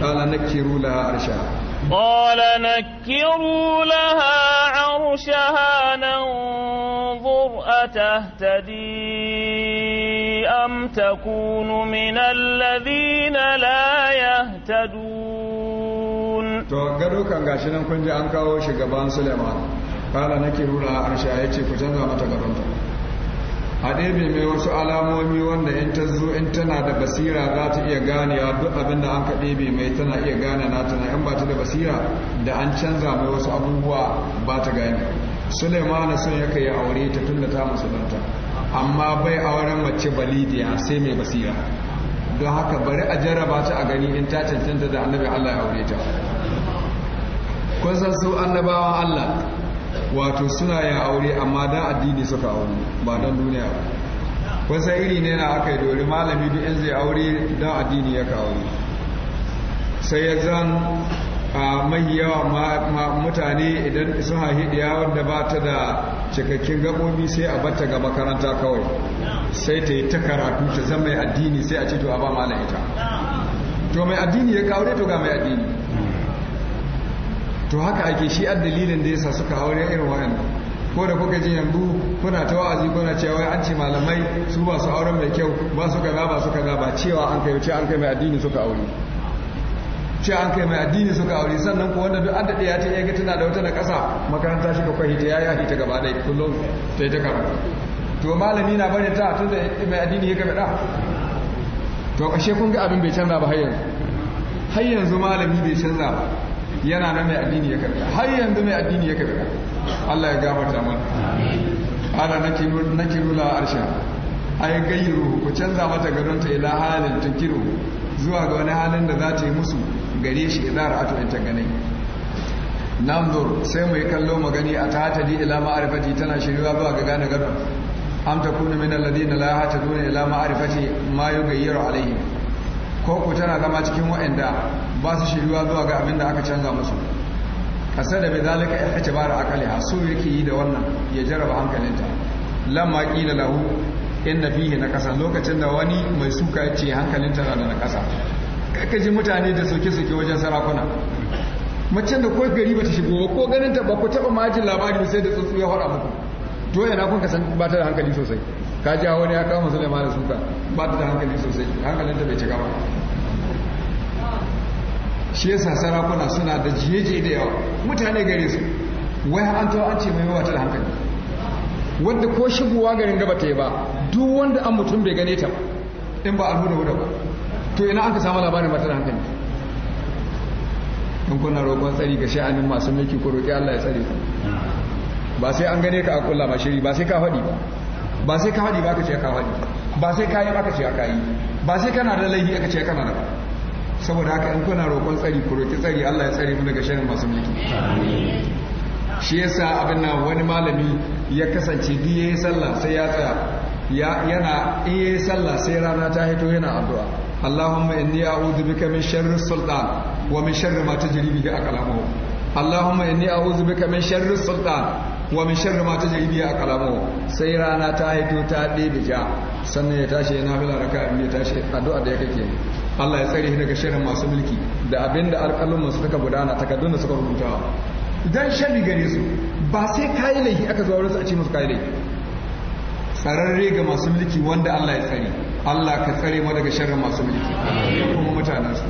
qala nakiru laha arsha قال نكروا لها عرشها ننظر أتهتدي أم تكون من الذين لا يهتدون to gado kan gashi nan kun ji an kawo shugaban gaban Suleiman kala nake rula arsha yace ku canza mata ta. a mai mai wasu alamomi wanda in ta zo in tana da basira za ta iya ganewa duk abin da an kaɗe mai mai tana iya gane na tana in ba ta da basira da an canza mai wasu abubuwa ba ta gane suleiman sun ya kai aure ta tun da ta musulunta amma bai auren mace balidiya sai mai basira don haka bari a jarraba ta a gani in ta cancanta da annabi allah ya aure ta kun san su annabawan allah wato suna yin aure amma da addini suka aure ba dan duniya ba wasu iri ne na aka yi dori malami duk in zai aure dan addini ya ka sai ya zan a mai yawa mutane idan sun haihi ɗaya wadda ba ta da cikakkin gabobi sai a batta ga makaranta kawai sai ta yi ta karatu ta zama mai addini sai a ce to a ba malam ita to mai addini ya kaure to ga mai addini to haka ake shi an dalilin da yasa suka aure irin wayannan ko da kuka ji yanzu kuna ta wa'azi kuna cewa an ce malamai su ba su auren mai kyau ba su kaza ba su kaza ba cewa an kai ce an kai mai addini suka aure ce an kai mai addini suka aure sannan ko wanda duk an daɗe ya ce ya eh, ga tana da wata na ƙasa makaranta shi kakwai hita ya yi hita gaba ɗaya kullum ta yi ta karatu to malami na bari ta tun da mai addini ya ga ɗa to ƙashe kun ga abin bai canza ba har yanzu har yanzu malami bai canza ba yana na mai addini ya karɓa har yanzu mai addini ya karɓa Allah ya gafarta mana ana nake rula arsha ai gayyaru ku canza mata ta ila halin tunkiru zuwa ga wani halin da za ta yi musu gare shi idar ato ta ganai namdur sai mu yi kallo magani a ta di ila ma'arifati tana shiryuwa zuwa ga gane gadon am ta takunu min alladhina la yahtaduna ila ma'arifati ma yughayyiru alaihi ko ku tana zama cikin wa'anda ba su shiruwa zuwa ga abin da aka canza musu kasar da bai zalika ya hace bara akali ha so yake yi da wannan ya jarraba hankalinta lamma kila lahu inna fihi na kasa lokacin da wani mai suka ya ce hankalinta na na kasa kakaji mutane da soke soke wajen sarakuna macen da kawai gari ba ta shigo ko ganin ta ba ku taba majin labari sai da tsuntsu ya hada muku to yana kun kasan ba ta da hankali sosai ka ji wani ya kama Sulaiman da suka ba ta da hankali sosai hankalinta bai cika ba shi yasa sarakuna suna da jiyeje da yawa mutane gare su wai an tawo an ce mai wata da hankali wanda ko shigowa garin gaba ta yi ba duk wanda an mutum bai gane ta in ba alhuda huda ba to ina aka samu labarin mata da hankali in kuna roƙon tsari ga sha'anin masu mulki ko roƙi Allah ya tsare ku ba sai an gane ka a kulla mashiri ba sai ka faɗi ba ba sai ka faɗi ba ka ce ka faɗi ba sai ka yi ba ka ce ka yi ba sai kana da laifi aka ce kana da ba saboda haka in kuna roƙon tsari ku roƙi tsari Allah ya tsare mu daga sharrin masu mulki shi yasa abin nan wani malami ya kasance duk yayi sallah sai ya tsaya yana in yayi sallah sai rana ta hito yana addu'a Allahumma inni a'udhu bika min sharri sultan wa min sharri ma tajri bihi aqlamuhu Allahumma inni a'udhu bika min sharri sultan wa min sharri ma tajri a aqlamu sai rana ta haito ta ɗebe ja sannan ya tashi yana fila raka in ya tashi addu'a da yake kenan Allah ya tsare shi daga sharrin masu mulki da abinda alƙalin su suka gudana takaddun da suka rubuta dan sharri gare su ba sai kai laifi aka zo wurin su a ce musu kai laifi tsararre ga masu mulki wanda Allah ya tsare Allah ka tsare mu daga sharrin masu mulki kuma mutanen su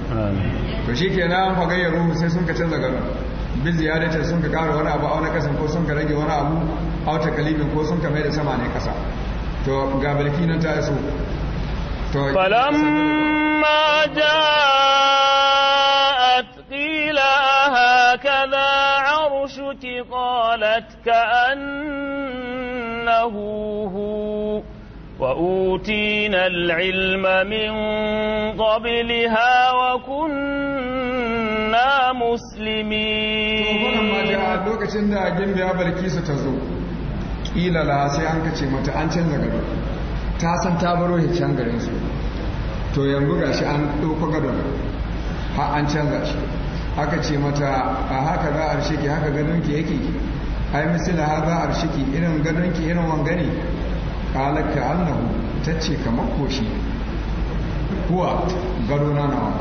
to shikenan fa ruhu sai sun ka canza garin bin ziyadatin sun ka ƙara wani abu a wani ko sun ka rage wani abu a wata kalimin ko sun ka mai da sama ne ƙasa to ga bilki nan ta iso to falamma ja'at qila hakaza arshuki qalat ka'annahu وأوتينا العلم من قبلها وكنا مسلمين lokacin da gimbiya balkisa ta zo ƙila la sai an kace mata an canza gado ta san ta baro hiccen garin su to yanzu gashi an ɗauko gadon ha an canza shi aka ce mata a haka za a haka gadon ki yake ai misali ha za a irin gadon ki irin wangane kalaka annahu ta ce ka makoshi kuwa gado na nawa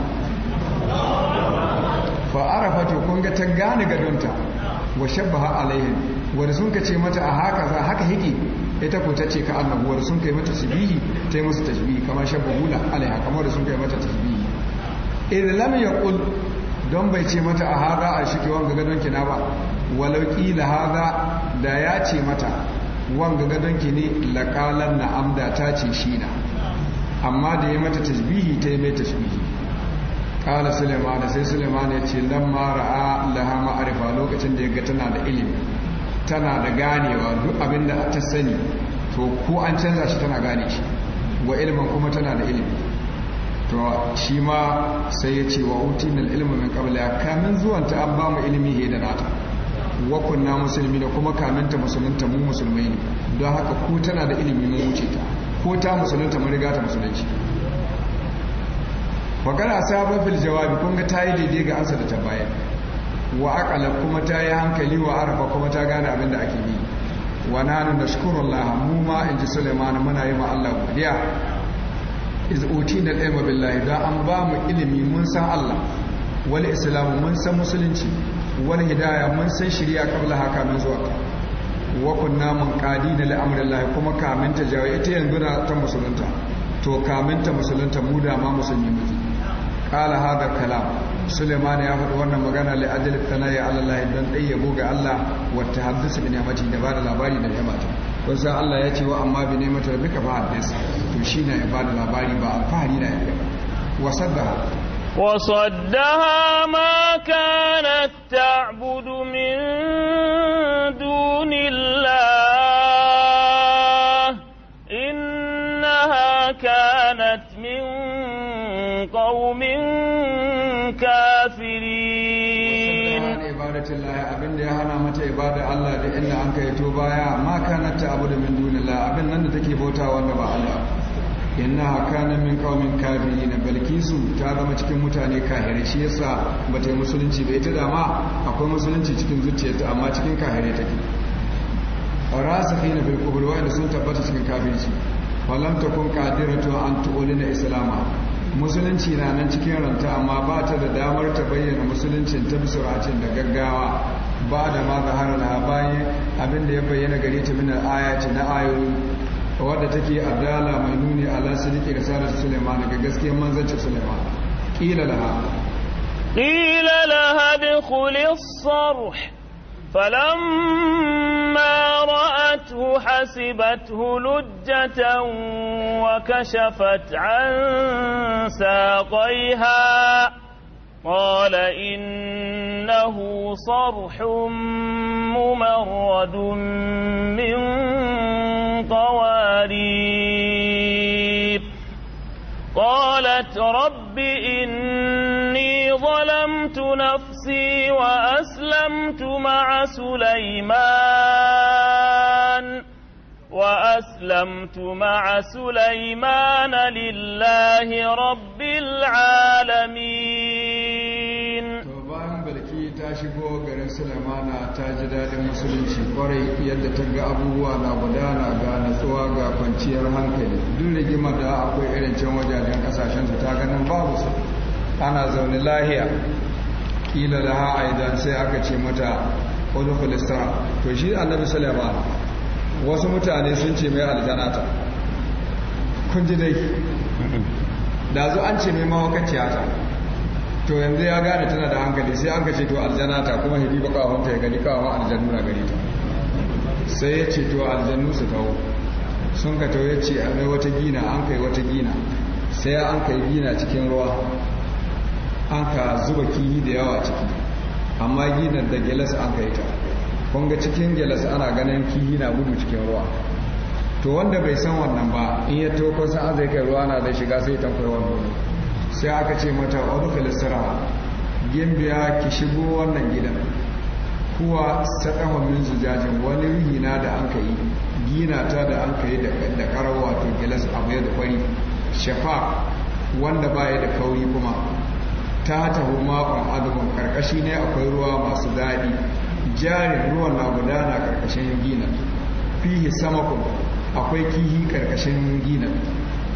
fa arafa to kun ga ta gane gadonta wa shabbaha alaihin wani sun ka ce mata a haka za haka hiki ita ko ta ce ka annahu wani sun kai mata tasbihi ta yi musu tasbihi kama shabba hula alaiha kamar wani sun kai mata tasbihi idan ya kul don bai ce mata a haza a shi kiwon gadon kina ba walau ƙila haza da ya ce mata wanga gadon ki ne laƙalan na amda ta ce shi na amma da ya mata tasbihi ta yi mai tasbihi ƙala suleiman sai suleiman ya ce lamma ra'a laha ma'arifa lokacin da ya ga tana da ilimi tana da ganewa duk abin da ta sani to ko an canza shi tana gane shi wa ilimin kuma tana da ilimi to shi ma sai ya ce wa utinal ilimin min kamin zuwan an ba mu ilimi he da nata wa musulmi da kuma kaminta musulunta mu musulmai ne don haka ko tana da ilimin mun wuce ta ko ta musulunta mun riga ta musulunci wa a sabon fil jawabi kun ga ta yi daidai ga ansa da ta bayar wa akala kuma ta yi hankali wa arafa kuma ta gane abin da ake yi wa nanu nashkurullah mu ma in ji Sulaiman muna yi ma Allah godiya iz utina al-ilma billahi da an ba mu ilimi mun san Allah wal islamu mun san musulunci wal hidaya mun san shari'a kabla haka min zuwa wa kunna mun qadi da al'amrillah kuma kamin ta jawo ita yanzu na ta musulunta to kamin ta musulunta mu da ma musulmi muke qala hada kalam Suleiman ya faɗi wannan magana li ajli thanaya ala Allah dan dai yabo ga Allah wa tahaddusu bi ni'mati da ba da labari da ta kun san Allah ya ce wa amma bi ni'mati rabbika fa hadis to shi na ya ba da labari ba alfahari na ya wa sadda وصدها ما كانت تعبد من دون الله إنها كانت من قوم كافرين عبادة الله أبن دي هنا متى عبادة الله لأن أنك يتوبايا ما كانت تعبد من دون الله أبن أن تكي بوتا وأن الله inna kana min qaumin na balkisu ta zama cikin mutane kahere shi yasa bata yi musulunci ba ita dama akwai musulunci cikin zuciyarta amma cikin kahire take na bai kufr wa sun tabbata cikin kafirci kun takun qadiratu an na islama musulunci na nan cikin ranta amma ba ta da damar ta bayyana musuluncin ta bisuracin da gaggawa ba da ma zahara na bayan abin da ya bayyana gare ta min al na ayoyi wadda take adala mai nuni ala ga sarar suleiman ga gaskiyar manzancin suleiman ƙila laha ƙila laha bi khulis sarh فلما رأته حسبته لجة وكشفت عن ساقيها قال إنه صرح ممرد من قوارير قالت رب إني ظلمت نفسي وأسلمت مع سليمان وأسلمت مع سليمان لله رب العالمين to bayan balki ta shigo daɗin musulunci kwarai yadda ta ga abubuwa na gudana ga natsuwa ga kwanciyar hankali duk gima da akwai irin can wajajen kasashen ta ganin babu su ana zaune lahiya kila da ha aidan sai aka ce mata wani kulista to shi annabi sulaiman wasu mutane sun ce mai aljanata kun ji dai da zo an ce mai mawakaciya to yanzu ya gane tana da hankali sai an kace to aljanna ta kuma hibi ba kawon ya gani kawon aljannu na gari ta sai ya ce to aljannu su kawo sun ka to ya ce a mai wata gina an kai wata gina sai an kai gina cikin ruwa an ka zuba kihi da yawa ciki amma gina da gelas an kai ta kunga cikin gelas ana ganin kihi na gudu cikin ruwa to wanda bai san wannan ba in ya to kusa an zai kai ruwa na da shiga sai tamfar wannan sai aka ce mata wadda saraha gimbiya ki shigo wannan gidan kuwa saɗawa min zujajin wani rihina da an ka yi gina ta da an ka yi da karawa wato gilas abu ya da kwari shafa wanda baya da kauri kuma ta taho makon adabin ƙarƙashi ne akwai ruwa masu daɗi jarin ruwan na gudana ƙarƙashin gina fihi sama kuma akwai kihi ƙarƙashin gina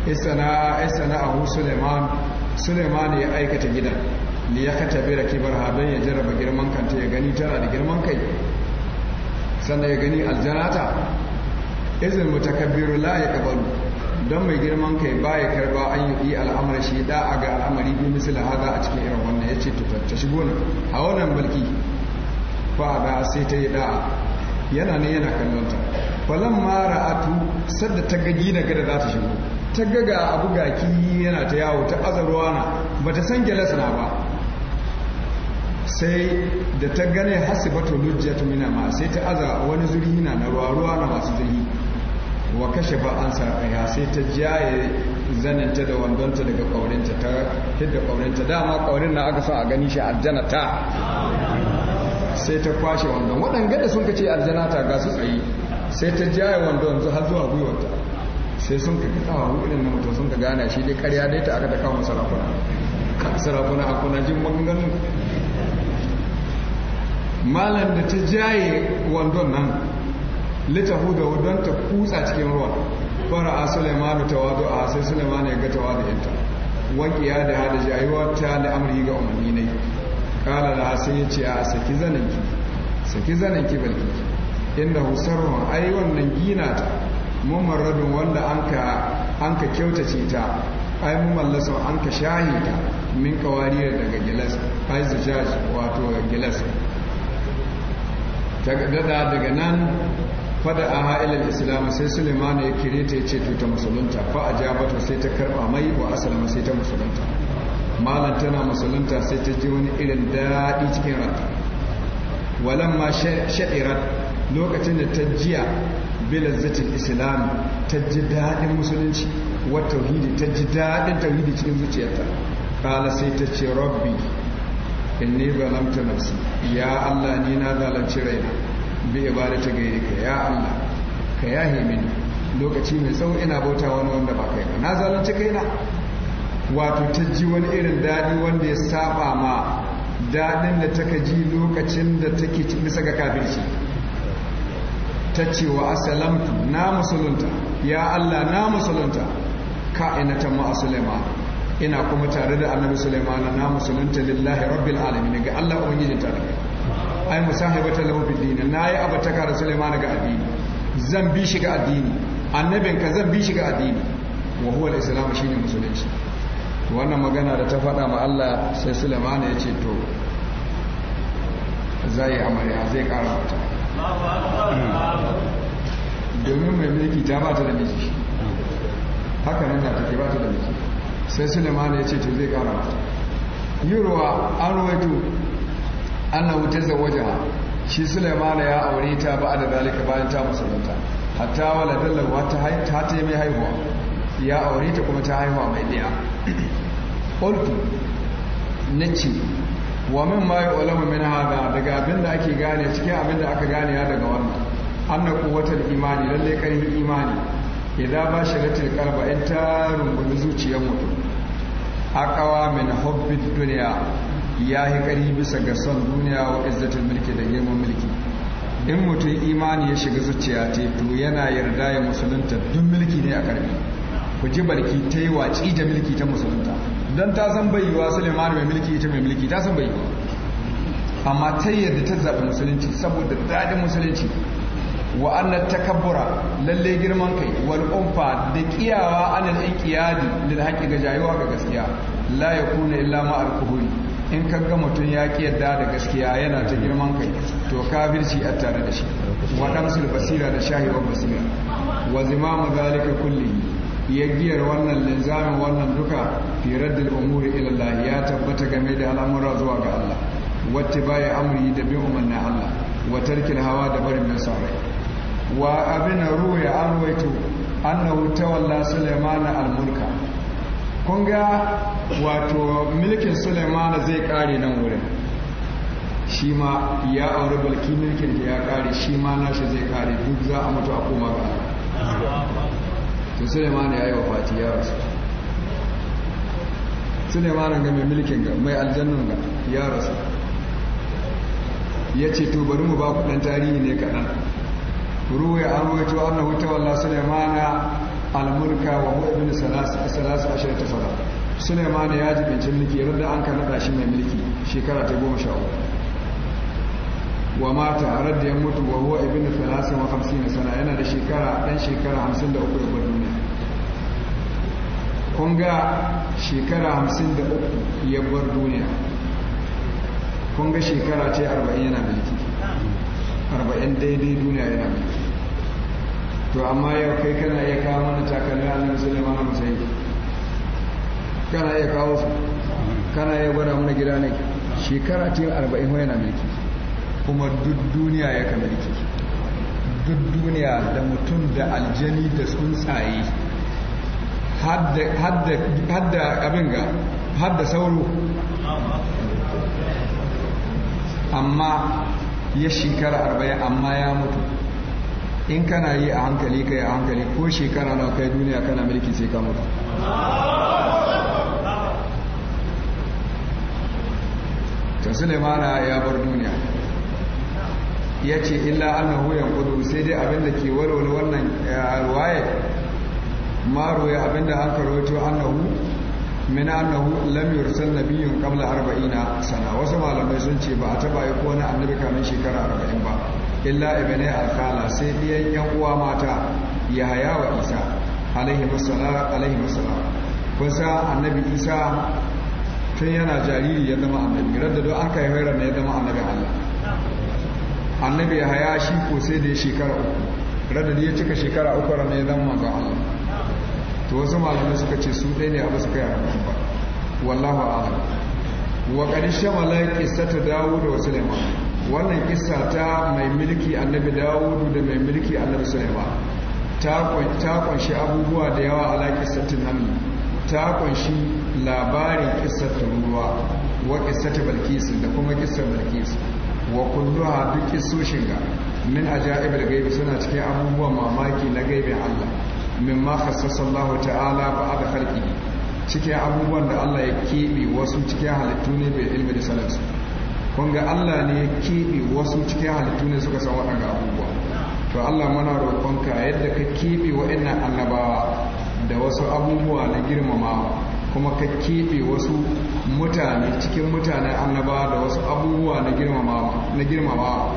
isana abu suleiman Suleiman ya aikata gidan li ya kata bira kibar don ya jarraba girman kanta ya gani tana da girman kai sannan ya gani aljanata izin mutakabbiru la ya kabalu don mai girman kai ba ya karba an yi shi da a ga al'amari bi misal haza a cikin irin wannan ya ce ta shigo na a wannan balki fa ga sai ta yi da'a yana ne yana kallon ta falan ma ra'atu sadda ta gagi na gada za ta shigo ta gaga abu gaki yana ta yawo ta azarwa na ba ta san gelas na ba sai da ta gane hasibatu ta mina ma sai ta aza wani zuri na na ruwa ruwa na masu zuri wa kashe ba an ya sai ta jaye zananta da wandonta daga ƙaurinta ta hidda ƙaurinta dama ƙaurin na aka sa a gani shi aljana ta sai ta kwashe wandon waɗanda sun sun kace aljana ta ga su tsaye sai ta jaye wandon har zuwa gwiwarta sai sun ka ta wa irin na mutum sun ka gane shi dai karya dai ta aka ta kawo sarakuna sarakuna a kuna jin maganganu malam da ta jaye wandon nan lita da don ta kutsa cikin ruwa fara a sulaimanu wado a sai sulaimanu ya ga wado ita waƙiya da hada jayuwa ta da amri ga umarni ne kala da sai ya ce a saki zanenki saki zanenki balki inda husarwa ai wannan gina ta rabin wanda an ka kyautace ta ai mumallasa an ka shahi ta min kawariyar daga gilas ai zijaj wato gilas ta dada daga nan fada a ha'ilar islam sai sulemana ya kire ta ya ce tuta musulunta fa a jabata sai ta karba mai wa asalama sai ta musulunta malam tana musulunta sai ta ji wani irin daɗi cikin ranta walan ma lokacin da ta jiya bilazzatin islam ta ji daɗin musulunci wa tauhidi ta ji daɗin tauhidi cikin zuciyarta kala sai ta ce rabbi inni zalamta nafsi ya allah ni na zalunci raina bi ta gairi ka ya allah ka ya mini lokaci mai tsawo ina bauta wani wanda ba kai ba na zalunci kaina wato ta ji wani irin daɗi wanda ya saba ma daɗin da ta ji lokacin da take bisa saka kafirci ta ce wa asalamtu na musulunta ya Allah na musulunta ka ina ta ma'a Suleiman ina kuma tare da annabi Suleiman na musulunta lillahi rabbil alamin ga Allah ubangijin talibai ai musahibata lahu fid din nayi abataka da Suleiman ga addini zan bi shi ga addini annabin ka zan bi shi ga addini wa huwa alislamu shine musulunci wannan magana da ta faɗa ma Allah sai Suleiman ya ce to zai amarya zai ƙara Hmm. domin mai mulki ta ba ta da miji haka nan da take ba ta da miji sai suleiman ya ce to zai kara mata yurwa an ruwaito waje ha shi suleiman ya aure ta ba da dalika bayan ta musulunta hatta wala dallawa ta ta ta mai haihuwa ya aure ta kuma ta haihuwa mai daya na ce wa min ma yu'lamu min hada daga abin da ake gane cikin abin da aka gane ya daga wannan anna quwwatul imani lalle karfin imani idan ba shi ratil qalba in ta rungumi zuciyar mutum aqawa min hubbid dunya ya yi kari bisa ga son duniya wa izzatul mulki da girman mulki in mutum imani ya shiga zuciya ta to yana yarda ya musulunta duk mulki ne a karbi ku ji barki ta yi waci da mulki ta musulunta don ta san bai yiwa suleiman mai mulki ita mai mulki ta san bai yiwa amma ta yadda ta zaɓi musulunci saboda daɗin musulunci wa annan takabbura lalle girman kai wal umfa da kiyawa anan inqiyadi lil haqqi ga jayuwa ga gaskiya la yakuna illa ma al in ka ga mutum ya ƙi yadda da gaskiya yana ta girman kai to kafirci a tare da shi wa damsul basira da wa basira wa zimamu zalika kullihi ya giyar wannan linzamin wannan duka fi raddil umuri ila Allah ya tabbata game da al'amura zuwa ga Allah wacce baya amri da bin umarni Allah wa tarkil hawa da barin sarai wa abin ruwa an arwaito annahu tawalla Sulaiman al-mulka kun ga wato milkin Sulaiman zai kare nan wurin shi ma ya aure balki milkin da ya kare shi ma nashi zai kare duk za a mutu a koma ga Allah to suleiman ya yi wa fati ya rasu suleiman ga mai mulkin ga mai aljannan ga ya rasu ya ce to bari mu ba ku dan tarihi ne kaɗan ruwa ya an ruwaito annahu wallah suleimana almulka wa huwa salasu salas salas ta fara suleimana ya ji mulki yadda an ka nada shi mai mulki shekara ta goma sha uku wa mata harar da ya mutu wa huwa ibn thalathin wa khamsina sana yana da shekara dan shekara 53 da uku ya duniya kun ga shekara 53 ya bar duniya kun ga shekara ce 40 yana mulki 40 daidai duniya yana mulki to amma yau kai kana iya kawo mana takalmi nan sallallahu mana musayi kana iya kawo su kana iya gwada mana gida ne shekara ce 40 yana mulki kuma duk duniya ya kamilki duk duniya da mutum da aljani da tsuntsaye hadda abin ga hadda sauro amma ya shekara arba'in amma ya mutu in kana yi a hankali kai a hankali ko shekara na kai duniya kana mulki sai ka mutu ta sulemana ya bar duniya ya ce illa annahu kudu sai dai abinda ke walwala wannan eh, ruwayar ma ruwaya abinda an karoto annahu min annahu lam yursal nabiyyun qabla 40 sana wasu malamai sun ce ba a taba yi ko wani annabi kamin shekara 40 ba illa ibn al-khala sai diyan yan uwa mata haya wa isa alaihi wassalam alaihi wassalam kusa annabi isa tun yana jariri ya zama annabi da do an kai hairar ne ya zama annabi Allah annabi ya haya shi ko sai da ya shekara uku radadi ya cika shekara uku rana ya zama ga Allah to wasu malamai suka ce su ɗaya ne abu suka yi hakan ba wallahu a'lam wa qadisha malaiki sata dawud wa sulaiman wannan kissa ta mai mulki annabi dawud da mai mulki annabi sulaiman ta ta kunshi abubuwa da yawa a qissatin tunani ta kunshi labarin kissar ruwa wa kissar balkis da kuma kissar balkis wa kulluha duk kisoshin ga min da gaibi suna cikin abubuwan mamaki na gaibin Allah mimma khassasa Allah ta'ala ba'da khalqi cikin abubuwan da Allah ya keɓe wasu cikin halittu ne bai ilmi da salatu, kun Allah ne ya keɓe wasu cikin halittu ne suka san waɗanda abubuwa to Allah mana roƙonka yadda ka keɓe waɗannan annabawa da wasu abubuwa na girmamawa kuma ka keɓe wasu mutane cikin mutanen annaba da wasu abubuwa na girmamawa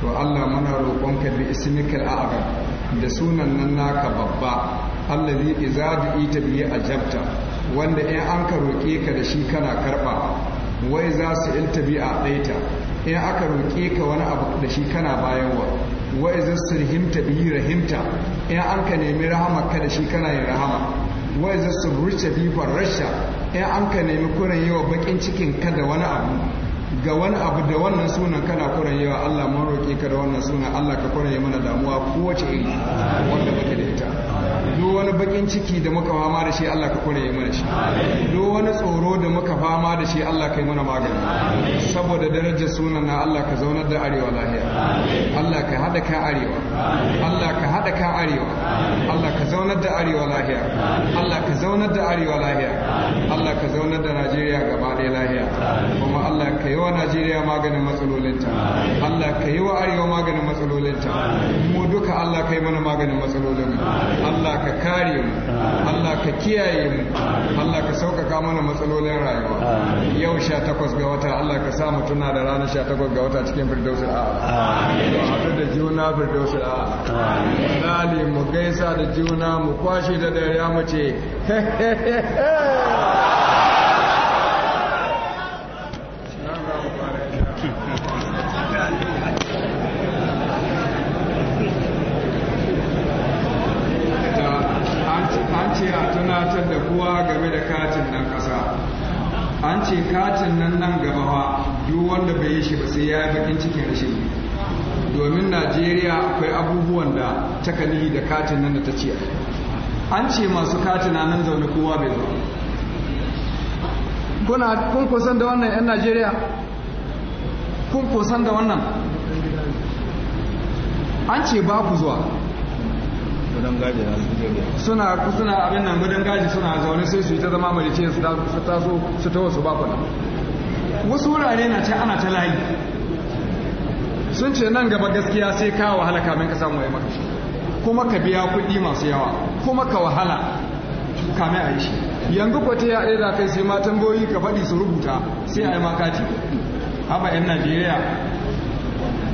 to Allah muna roƙonka bi ismikal a'zam da sunan nan naka babba allazi idza du'ita bi ajabta wanda in an ka roƙe ka da shi kana karɓa wai za su ilta bi a ɗaita in aka roƙe ka wani abu da shi kana bayanwa wai za su rahimta bi rahimta in an ka nemi rahama ka da shi kana yin rahama wai su rice bifar rasha in an ka nemi kuran yawa bakin cikin ka da wani abu ga wani abu da wannan sunan kana kuran yawa Allah mun roƙe ka da wannan sunan Allah ka kuran mana damuwa kowace iri wanda baka da ita duk wani bakin ciki da muka fama da shi Allah ka kore mana shi duk wani tsoro da muka fama da shi Allah ka yi mana magani saboda darajar sunan na Allah ka zaunar da arewa lahiya Allah ka hada ka arewa Allah ka hada ka arewa Allah ka zaunar da arewa lahiya Allah ka zaunar da arewa lahiya Allah ka zaunar da Najeriya gaba ɗaya lahiya kuma Allah ka yi wa Najeriya maganin matsalolinta Allah ka yi wa arewa maganin matsalolinta mu duka Allah ka yi mana maganin matsalolin Allah ka kare mu Allah ka kiyaye mu Allah ka sauƙaƙa mana matsalolin rayuwa yau sha takwas ga wata Allah ka sa mu tuna da ranar sha takwas ga wata cikin firdausul a haɗu da juna firdausul a'a misali mu gaisa da juna mu kwashe da dariya mu ce damuwa game da katin nan kasa an ce katin nan nan gaba fa duk wanda bai yi shi ba sai ya yi bakin cikin rashin domin najeriya akwai abubuwan da ta kalihi da katin nan da ta ce an ce masu katina nan zaune kowa bai zo kuna kun kusan da wannan 'yan najeriya kun kusan da wannan an ce ba ku zuwa suna suna abin nan gudan gaji suna zaune sai su yi ta zama mai su taso su taho su baku wasu wurare na ce ana ta layi sun ce nan gaba gaskiya sai ka wahala kamin ka samu ya maka kuma ka biya kuɗi masu yawa kuma ka wahala kamin a yi shi yanzu ko ta yaɗe kai sai ma tambayoyi ka faɗi su rubuta sai a yi makati haba 'yan najeriya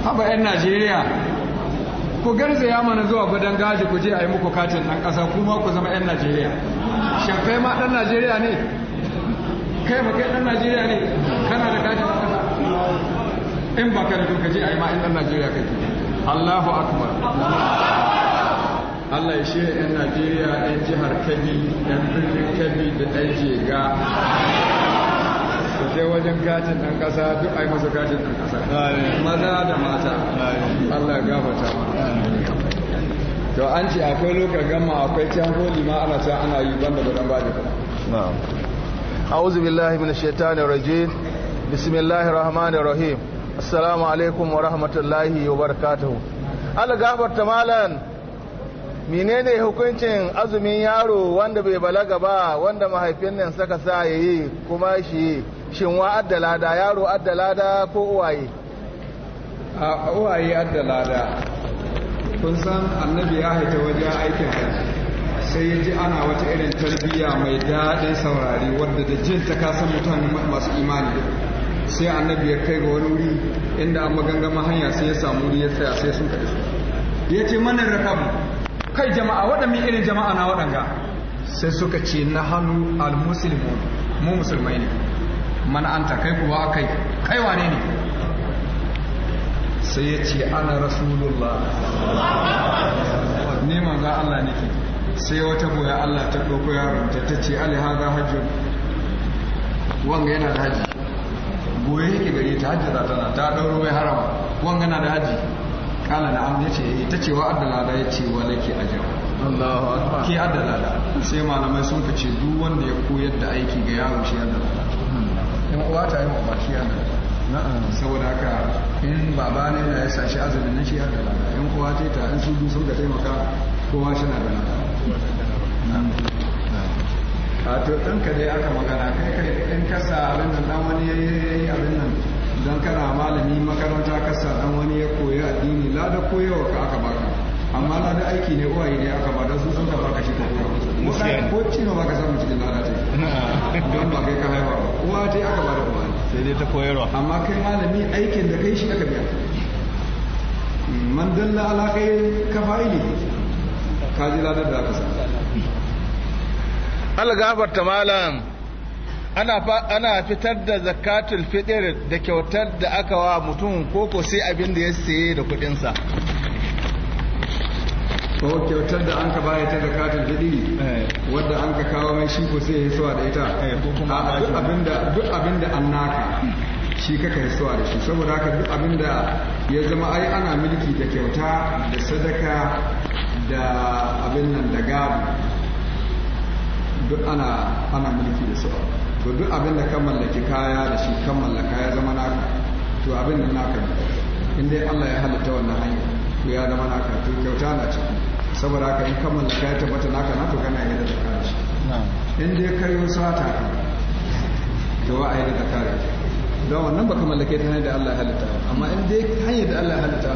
haba 'yan najeriya ku garzaya mana zuwa gudan gaji ku je a yi muku katin ɗan ƙasa kuma ku zama 'yan najeriya shafai ma ɗan najeriya ne kai ma kai ɗan najeriya ne kana da katin ɗan ƙasa in ba ka da ka je a yi ma'in ɗan najeriya kake allahu akbar Allah ya shirya 'yan Najeriya 'yan jihar Kebbi, 'yan birnin Kebbi da ɗan Jega. su je wajen gajin ɗan ƙasa duk ai masa gajin ɗan ƙasa maza da mata Allah ya gafata to an ce akwai lokacin gama akwai can holi ma ana can ana yi banda gudan ba da na'am a'udhu billahi minash shaitani rajim bismillahir rahmanir rahim assalamu alaikum wa rahmatullahi wa barakatuh Allah gafarta malan menene hukuncin azumin yaro wanda bai balaga ba wanda mahaifin nan saka sa ya yi kuma shi shin wa addalada yaro addalada ko uwaye a uwaye addalada kun san annabi ya haita wajen aikin haji sai ya ji ana wata irin tarbiyya mai daɗin saurari wadda da jin ta kasan mutane masu imani sai annabi ya kai ga wani wuri inda an magangama hanya sai ya samu wuri ya tsaya sai sun kaɗi su ya ce manin rakabu kai jama'a waɗannan irin jama'a na waɗanga sai suka ce na hannu al-muslimun mu musulmai ne Mana an ta kai kuwa kai kai wane ne sai ya ce ana rasulullah ne manzo Allah nake sai wata boya Allah ta ɗauko yaron ta ta ce ali haza hajji wanga yana da hajji goye yake gare ta hajji za ta na ta ɗauro mai harama wanga na da Hajji? kala na an yace ita ce wa addalada yace wa laki ajab Allahu akbar ki da. sai malamai sun kace duk wanda ya koyar da aiki ga yaro shi addalada in hmm. uwa ta yi mu ba shi addalada saboda haka in baba ne na ya sashi azumin na shi da. in uwa ta ta in su sun ka taimaka kowa shi na addalada a to ɗinka dai aka magana kai kai ɗan kasa abin nan ɗan wani ya yi abin nan don kana malami makaranta kasa dan wani ya koyi addini lada koyawa ka aka baka amma lada aiki ne uwaye ne aka bada su sun ka baka shi ko kuma ko cino baka samu cikin lada ce don ba kai ka haifa uwa ce aka da uwa sai dai ta koyarwa amma kai malami aikin da kai shi aka biya man dalla alaƙai ka fa'ili ka ji ladar da aka sa. Allah malam ana fitar da zakatul fitr da kyautar da aka wa mutum koko sai abin da ya saye da kudinsa ko kyautar da an ka baya ta zakatul fitr eh. wadda an ka kawo mai shi ko sai ya suwa da ita eh, duk abin da an shi kaka yi suwa da shi saboda haka duk abin da ya zama ai ana mulki da kyauta da sadaka da abin nan da gabu duk ana mulki da suwa to duk abin da ka mallaki kaya da shi kan mallaka ya zama naka to abin da naka in dai Allah ya halitta wannan hanya to ya zama naka to kyauta na saboda haka in kan mallaka ya tabbata naka na to kana yi da zakara shi in dai sata ka to wa a da zakara don wannan baka mallake ta hanyar da Allah ya halitta amma in dai hanyar da Allah ya halitta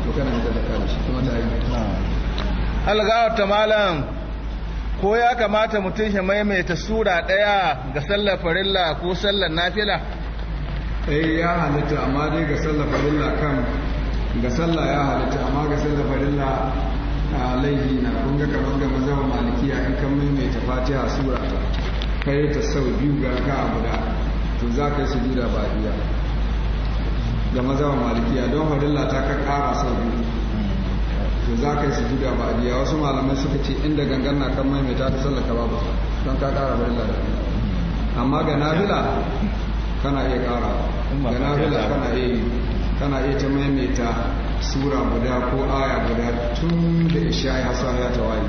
to kana yi da zakara shi kuma ta yi algawa ta malam ko ya kamata mutum shi maimaita sura ɗaya ga sallar farilla ko sallar nafila eh ya halitta amma dai ga sallar farilla kan ga sallah ya halitta amma ga sallar farilla a laihi na kunga kamar ga mazhabar malikiya in kan maimaita fatiha sura ta kai ta sau biyu ga ka da to za ka yi sujuda ba iya ga maliki malikiya don farilla ta ka kara sau biyu to za ka yi sujuda ba adiya wasu malamai suka ce inda gangan na kan maimaita ta sallaka babu don ka kara bai lada amma ga nafila kana iya kara ga nafila kana iya yi kana iya ta maimaita sura guda ko aya guda tun da isha ya sa ya tawaye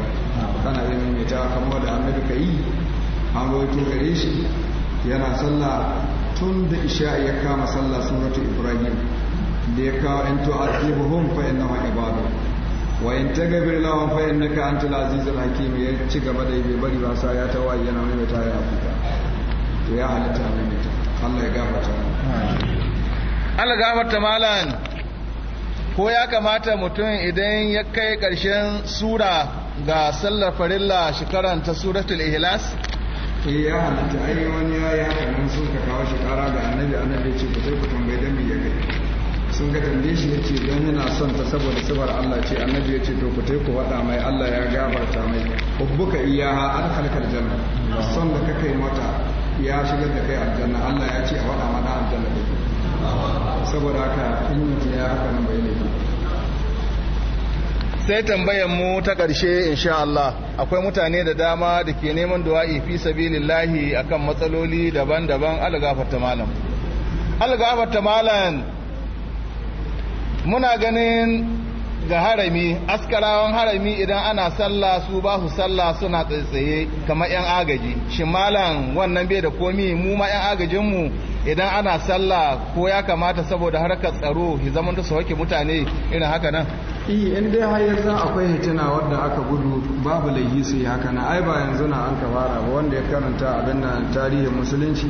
kana iya maimaita kamar da annabi ka yi an rawaito gare shi yana sallah tun da isha ya kama sallah suratu ibrahim da ya kawo in tu'adibuhum fa innahum ibadu wa in tagabir lahum fa an tula azizul hakim ya ci gaba da bai bari wasa ya ta tawaye yana mai ta ya afuka to ya halitta mai ta Allah ya gafarta Allah gafarta malan ko ya kamata mutum idan ya kai karshen sura ga sallar farilla shekaran karanta suratul ihlas ke ya halitta ai wani ya yi haka nan sun ka kawo shi ga annabi annabi ce ku sai ku tambaye dan me ya kai sun ga tambaye shi yace don yana son ta saboda sabar Allah ce annabi yace to ku ku faɗa mai Allah ya gabarta mai hubbuka iyaha adkhalakal janna son da kake mata ya shigar da kai aljanna Allah ya ce a faɗa mana aljanna saboda haka in mutum ya haka nan bai ne sai tambayar mu ta ƙarshe insha Allah akwai mutane da dama da ke neman du'a'i fi sabilillahi akan matsaloli daban-daban algafarta malam algafarta malam muna ganin ga harami askarawan harami idan ana sallah su ba su sallah suna tsaye kamar yan agaji shi malam wannan bai da komi mu ma yan agajinmu idan ana sallah ko ya kamata saboda harkar tsaro ki zaman da sauke mutane irin haka nan eh, in dai har yanzu akwai hitina wanda aka gudu babu laihi su yi haka na ai ba yanzu na an kabara ba wanda ya karanta abin nan tarihin musulunci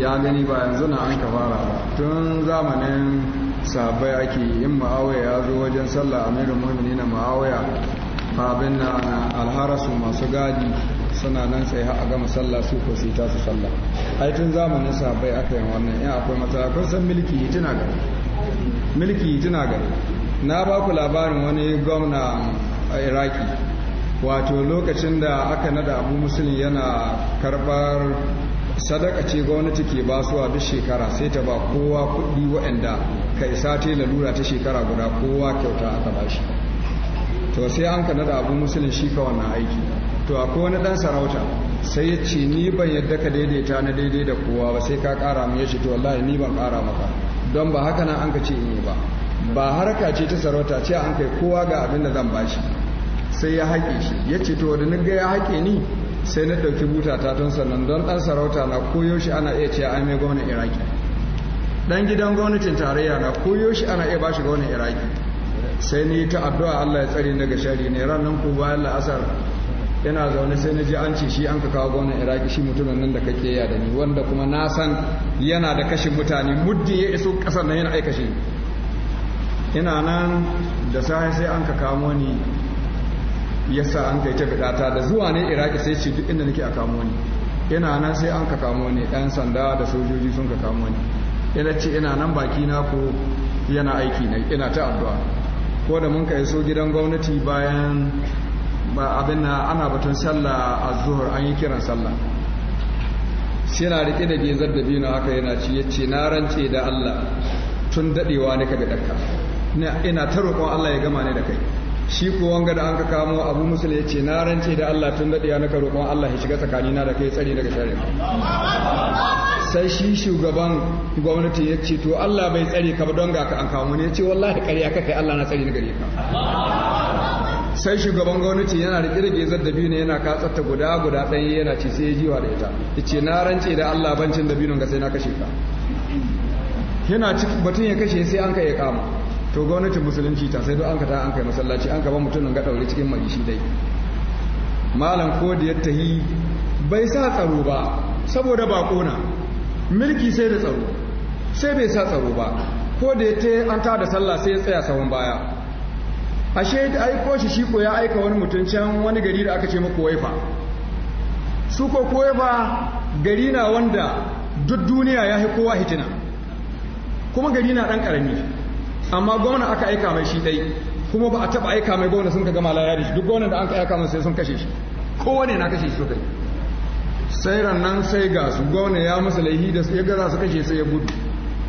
ya gani ba yanzu na an kabara ba tun zamanin sahabbai ake in ma'awaya ya zo wajen sallah amirul mu'minin na ma'awaya abin na alharasu masu gadi suna nan tsaye a gama sallah su ko ta su sallah ai tun zamanin sahabbai aka yi wannan in akwai matsala kun san milki tuna gari milki tuna gari na ba ku labarin wani gwamna a iraki wato lokacin da aka nada abu musulun yana karbar sadaka ce gwamnati ke basuwa duk shekara sai ta ba kowa kuɗi waɗanda ka isa ta lalura ta shekara guda kowa kyauta aka ba shi to sai an ka nada abu musulun shi ka wannan aiki to a wani ɗan sarauta sai ya ce ni ban yadda ka daidaita na daidai da kowa ba sai ka ƙara mu ya ce to wallahi ni ban ƙara maka don ba haka nan an ka ce in ba ba harka ce ta sarauta ce an kai kowa ga abin da zan shi. sai ya haƙe shi ya ce to da ga ya haƙe ni sai na ɗauki buta ta tun sannan don ɗan sarauta na koyo shi ana iya ce ai mai gwamnan iraki ɗan gidan gwamnatin tarayya na koyo shi ana iya bashi gwamnan iraki sai ni ta addu'a Allah ya tsari daga shari ne ranar ku bayan la'asar yana zaune sai na ji an ce shi an ka kawo gwamnan iraki shi mutumin nan da kake ya da ni wanda kuma na san yana da kashin mutane muddin ya iso ƙasar nan yana aika ina nan da sahi sai an ka kamo ni yasa an kai ta bidata da zuwa ne iraki sai ce duk inda nake a kamo ni ina nan sai an ka kamo ni ɗan sanda da sojoji sun ka kamo ni ina ce ina nan baki na ko yana aiki na ina ta addu'a ko da mun kai so gidan gwamnati bayan ba abin na ana batun sallah a zuhur an yi kiran sallah sai na riƙe da gezar da biyu na haka yana ci ya ce na rance da Allah tun daɗewa ne ka ga ɗarka ina ta roƙon Allah ya gama ne da kai shi ko wanga da an ka kamo abu musul ya ce na rance da Allah tun daɗe naka roƙon Allah ya shiga tsakani na da kai tsari daga shari'a sai shi shugaban gwamnati ya ce to Allah bai tsare ka ba don ga ka an kamo ne ya ce wallahi ƙarya ka kai Allah na tsare ni gare ka sai shugaban gwamnati yana da kirge zaddabi ne yana katsarta guda guda ɗaya yana ci sai ya jiwa da ita ya ce na rance da Allah bancin dabinon ga sai na kashe ka yana cikin batun ya kashe sai an ka ya kama to gwamnatin musulunci ta sai an ka ta an kai masallaci an ka ba mutumin ga ɗaure cikin mai shi dai malam ko da ya tahi bai sa tsaro ba saboda ba kona mulki sai da tsaro sai bai sa tsaro ba ko da ya ta an ta da sallah sai ya tsaya sawan baya ashe da aiko shi shi ko ya aika wani mutum can wani gari da aka ce mako waifa su ko gari na wanda duk duniya ya kowa hitina kuma gari na ɗan ƙarami. amma gwamna aka aika mai shi dai kuma ba a taba aika mai gwamna sun ka gama layari shi duk gwamna da an ka aika mai sai sun kashe shi kowane na kashe shi kai. sai rannan sai ga su gwamna ya masa laihi da ya gaza su kashe sai ya gudu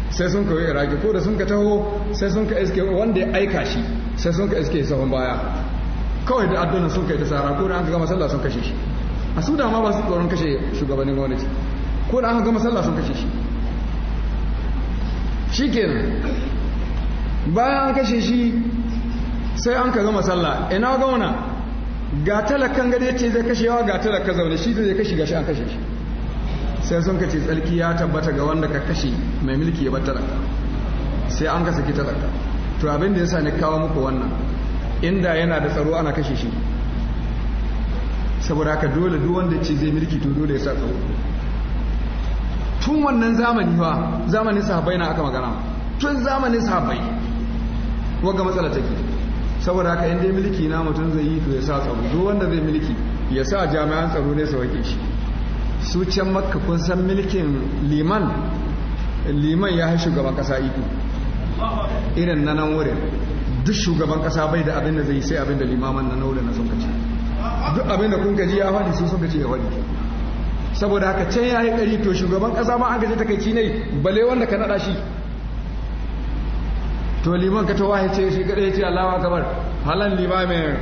sai sun yi iraki ko da sun ka taho sai sun ka iske wanda ya aika shi sai sun ka iske sahun baya kawai da addunan sun kai ta sara ko da an ka gama sallah sun kashe shi a su dama ba su tsoron kashe shugabannin gwamnati ko da an ka gama sallah sun kashe shi shikenan bayan an kashe shi sai an ka zama sallah ina gauna ga talakan gare ce zai kashewa ga talaka zaune shi zai kashe gashi an kashe shi sai sun kace tsarki ya tabbata ga wanda ka kashe mai mulki ya bar talaka sai an ka saki talaka to abin da yasa ne kawo muku wannan inda yana da tsaro ana kashe shi saboda haka dole duk wanda ce zai mulki to dole ya sa tsaro tun wannan zamani fa zamanin sahabbai na aka magana tun zamanin sahabbai wagga matsala take saboda haka inda dai mulki na mutum zai yi to ya sa tsaro duk wanda zai mulki ya sa jami'an tsaro ne su wake shi su can makka kun san mulkin liman liman ya shugaban kasa iko irin na nan wurin duk shugaban kasa bai da abin da zai sai abin da limaman na nauda na sunkaci duk abin da kun gaji ya faɗi sun sunkaci ya faɗi saboda haka can ya yi ƙari to shugaban kasa ma an gaji takaici ne balle wanda ka naɗa shi to liman ka tawahi ce shi ya ce Allahu akbar halan limamin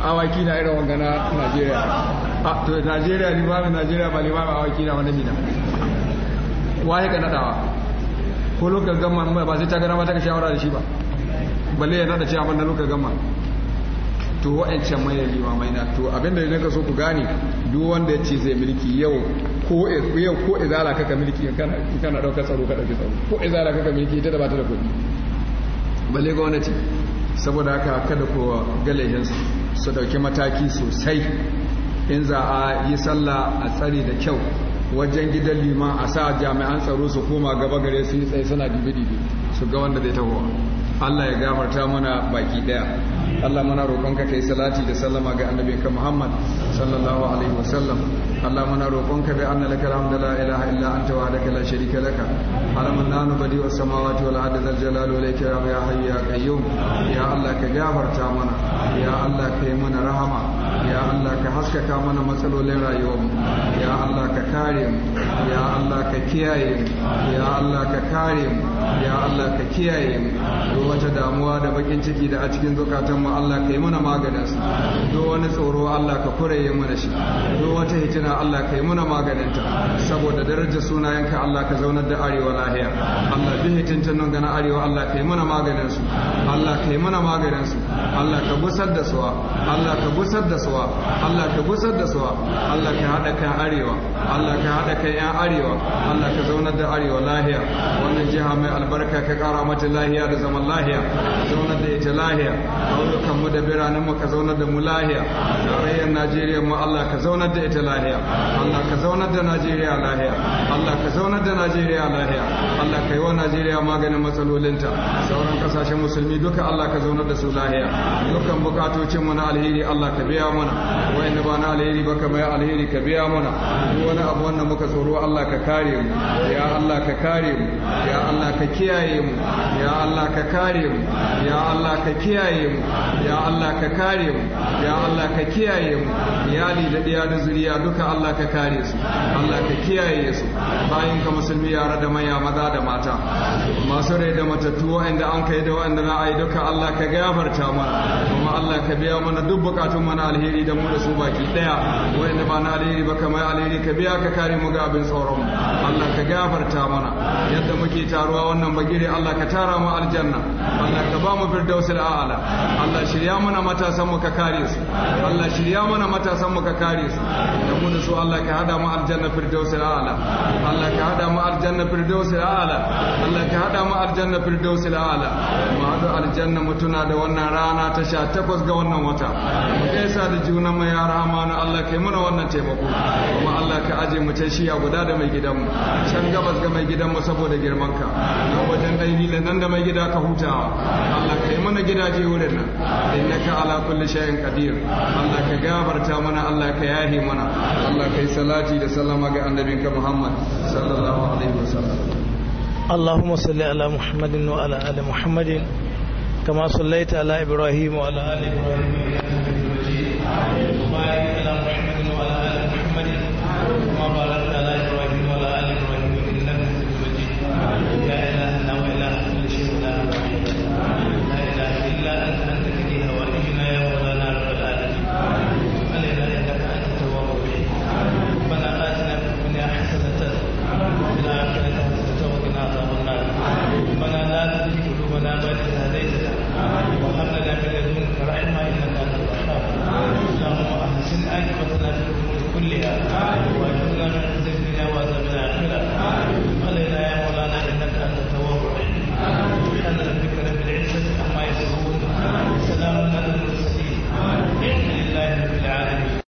awaki na irin na Najeriya a ah, to Najeriya limamin Najeriya ba limamin awaki na wani mina wahi ka nadawa ko lokacin gamma ba zai ta gara ma ta shawara da shi ba balle ya nada cewa wanda lokacin gamma to wa'ancan mai mai na to abinda da ka so ku gane duk wanda ya ce zai mulki yau ko yau ko izala kaka mulki kana kana daukar tsaro ka dauki tsaro ko izala kaka mulki ita da bata da kuɗi balle gwamnati saboda haka kada kowa galehinsu su dauki mataki sosai in za a yi sallah a tsari da kyau wajen gidan liman a sa jami'an tsaro su koma gaba gare su yi tsaye suna dibi su ga wanda zai tahowa Allah ya gafarta mana baki daya Allah muna roƙonka kai salati da sallama ga annabinka Muhammad sallallahu alaihi wasallam Allah muna roƙonka bi anna lakal hamdu la ilaha illa anta wahdaka la sharika laka alamun nanu badi was samawati wal ardi zal jalali wa ya hayyu ya qayyum ya Allah ka gafarta mana ya Allah kai mana rahama ya Allah ka haskaka mana matsalolin rayuwarmu ya Allah ka kare mu ya Allah ka kiyaye mu ya Allah ka kare mu ya Allah ka kiyaye mu duk wata damuwa da bakin ciki da a cikin zukatan mu Allah ka yi mana maganin su duk wani tsoro Allah ka kuraye mana shi duk wata hitina Allah ka yi mana maganin ta saboda darajar sunayenka Allah ka zaunar da arewa lahiya Allah duk hitintin nan gana arewa Allah ka yi mana maganin su Allah ka yi mana maganin su Allah ka busar da su Allah ka busar da su suwa Allah ka gusar da suwa Allah ka haɗa kan arewa Allah ka haɗa kan 'yan arewa Allah ka zaunar da arewa lahiya wannan jiha mai albarka ka ƙara mata lahiya da zaman lahiya zaunar da ita lahiya ƙauyukan mu da biranen mu ka zaunar da mu lahiya tarayyar Najeriya mu Allah ka zaunar da ita lahiya Allah ka zaunar da Najeriya lahiya Allah ka zaunar da Najeriya lahiya Allah ka yi wa Najeriya maganin matsalolinta sauran kasashen musulmi duka Allah ka zaunar da su lahiya dukkan bukatocin mu na alheri Allah ka biya mu mana wa'anda ba na alheri ba ka mai alheri ka biya mana duk wani abu wanda muka tsoro Allah ka kare mu ya Allah ka kare mu ya Allah ka kiyaye mu ya Allah ka kare mu ya Allah ka kiyaye mu ya Allah ka kare mu ya Allah ka kiyaye mu ya iyali da diya da zuriya duka Allah ka kare su Allah ka kiyaye su bayan ka musulmi yara da maya maza da mata masu rai da matattu wa'anda an kai da wa'anda na ai duka Allah ka gafarta mana kuma Allah ka biya mana duk bukatun mana alheri alheri da mu da su baki daya wanda ba na alheri ba kamar alheri ka biya ka kare mu ga abin tsoron Allah ka gafarta mana yadda muke taruwa wannan bagire Allah ka tara mu aljanna Allah ka ba mu firdausul ala Allah shirya mana matasan mu ka kare su Allah shirya mana matasan mu ka kare su da mu da su Allah ka hada mu aljanna firdausul ala Allah ka hada mu aljanna firdausul ala Allah ka hada mu aljanna firdausul a'ala mu hada aljanna mutuna da wannan rana ta 18 ga wannan wata mu kaisa da junan mai ya na Allah kai muna wannan taimako kuma Allah ka aje mu can shiya guda da mai gidanmu can gabas ga mai gidanmu saboda girmanka ka wajen dai da nan da mai gida ka huta Allah kai mana gidaje wurin nan ka ala kulli shay'in kadir Allah ka gafarta mana Allah ka yahi mana Allah kai salati da sallama ga annabinka Muhammad sallallahu alaihi wasallam اللهم صل على محمد وعلى ال محمد كما صليت على ابراهيم وعلى ال ابراهيم اللهم بارك على محمد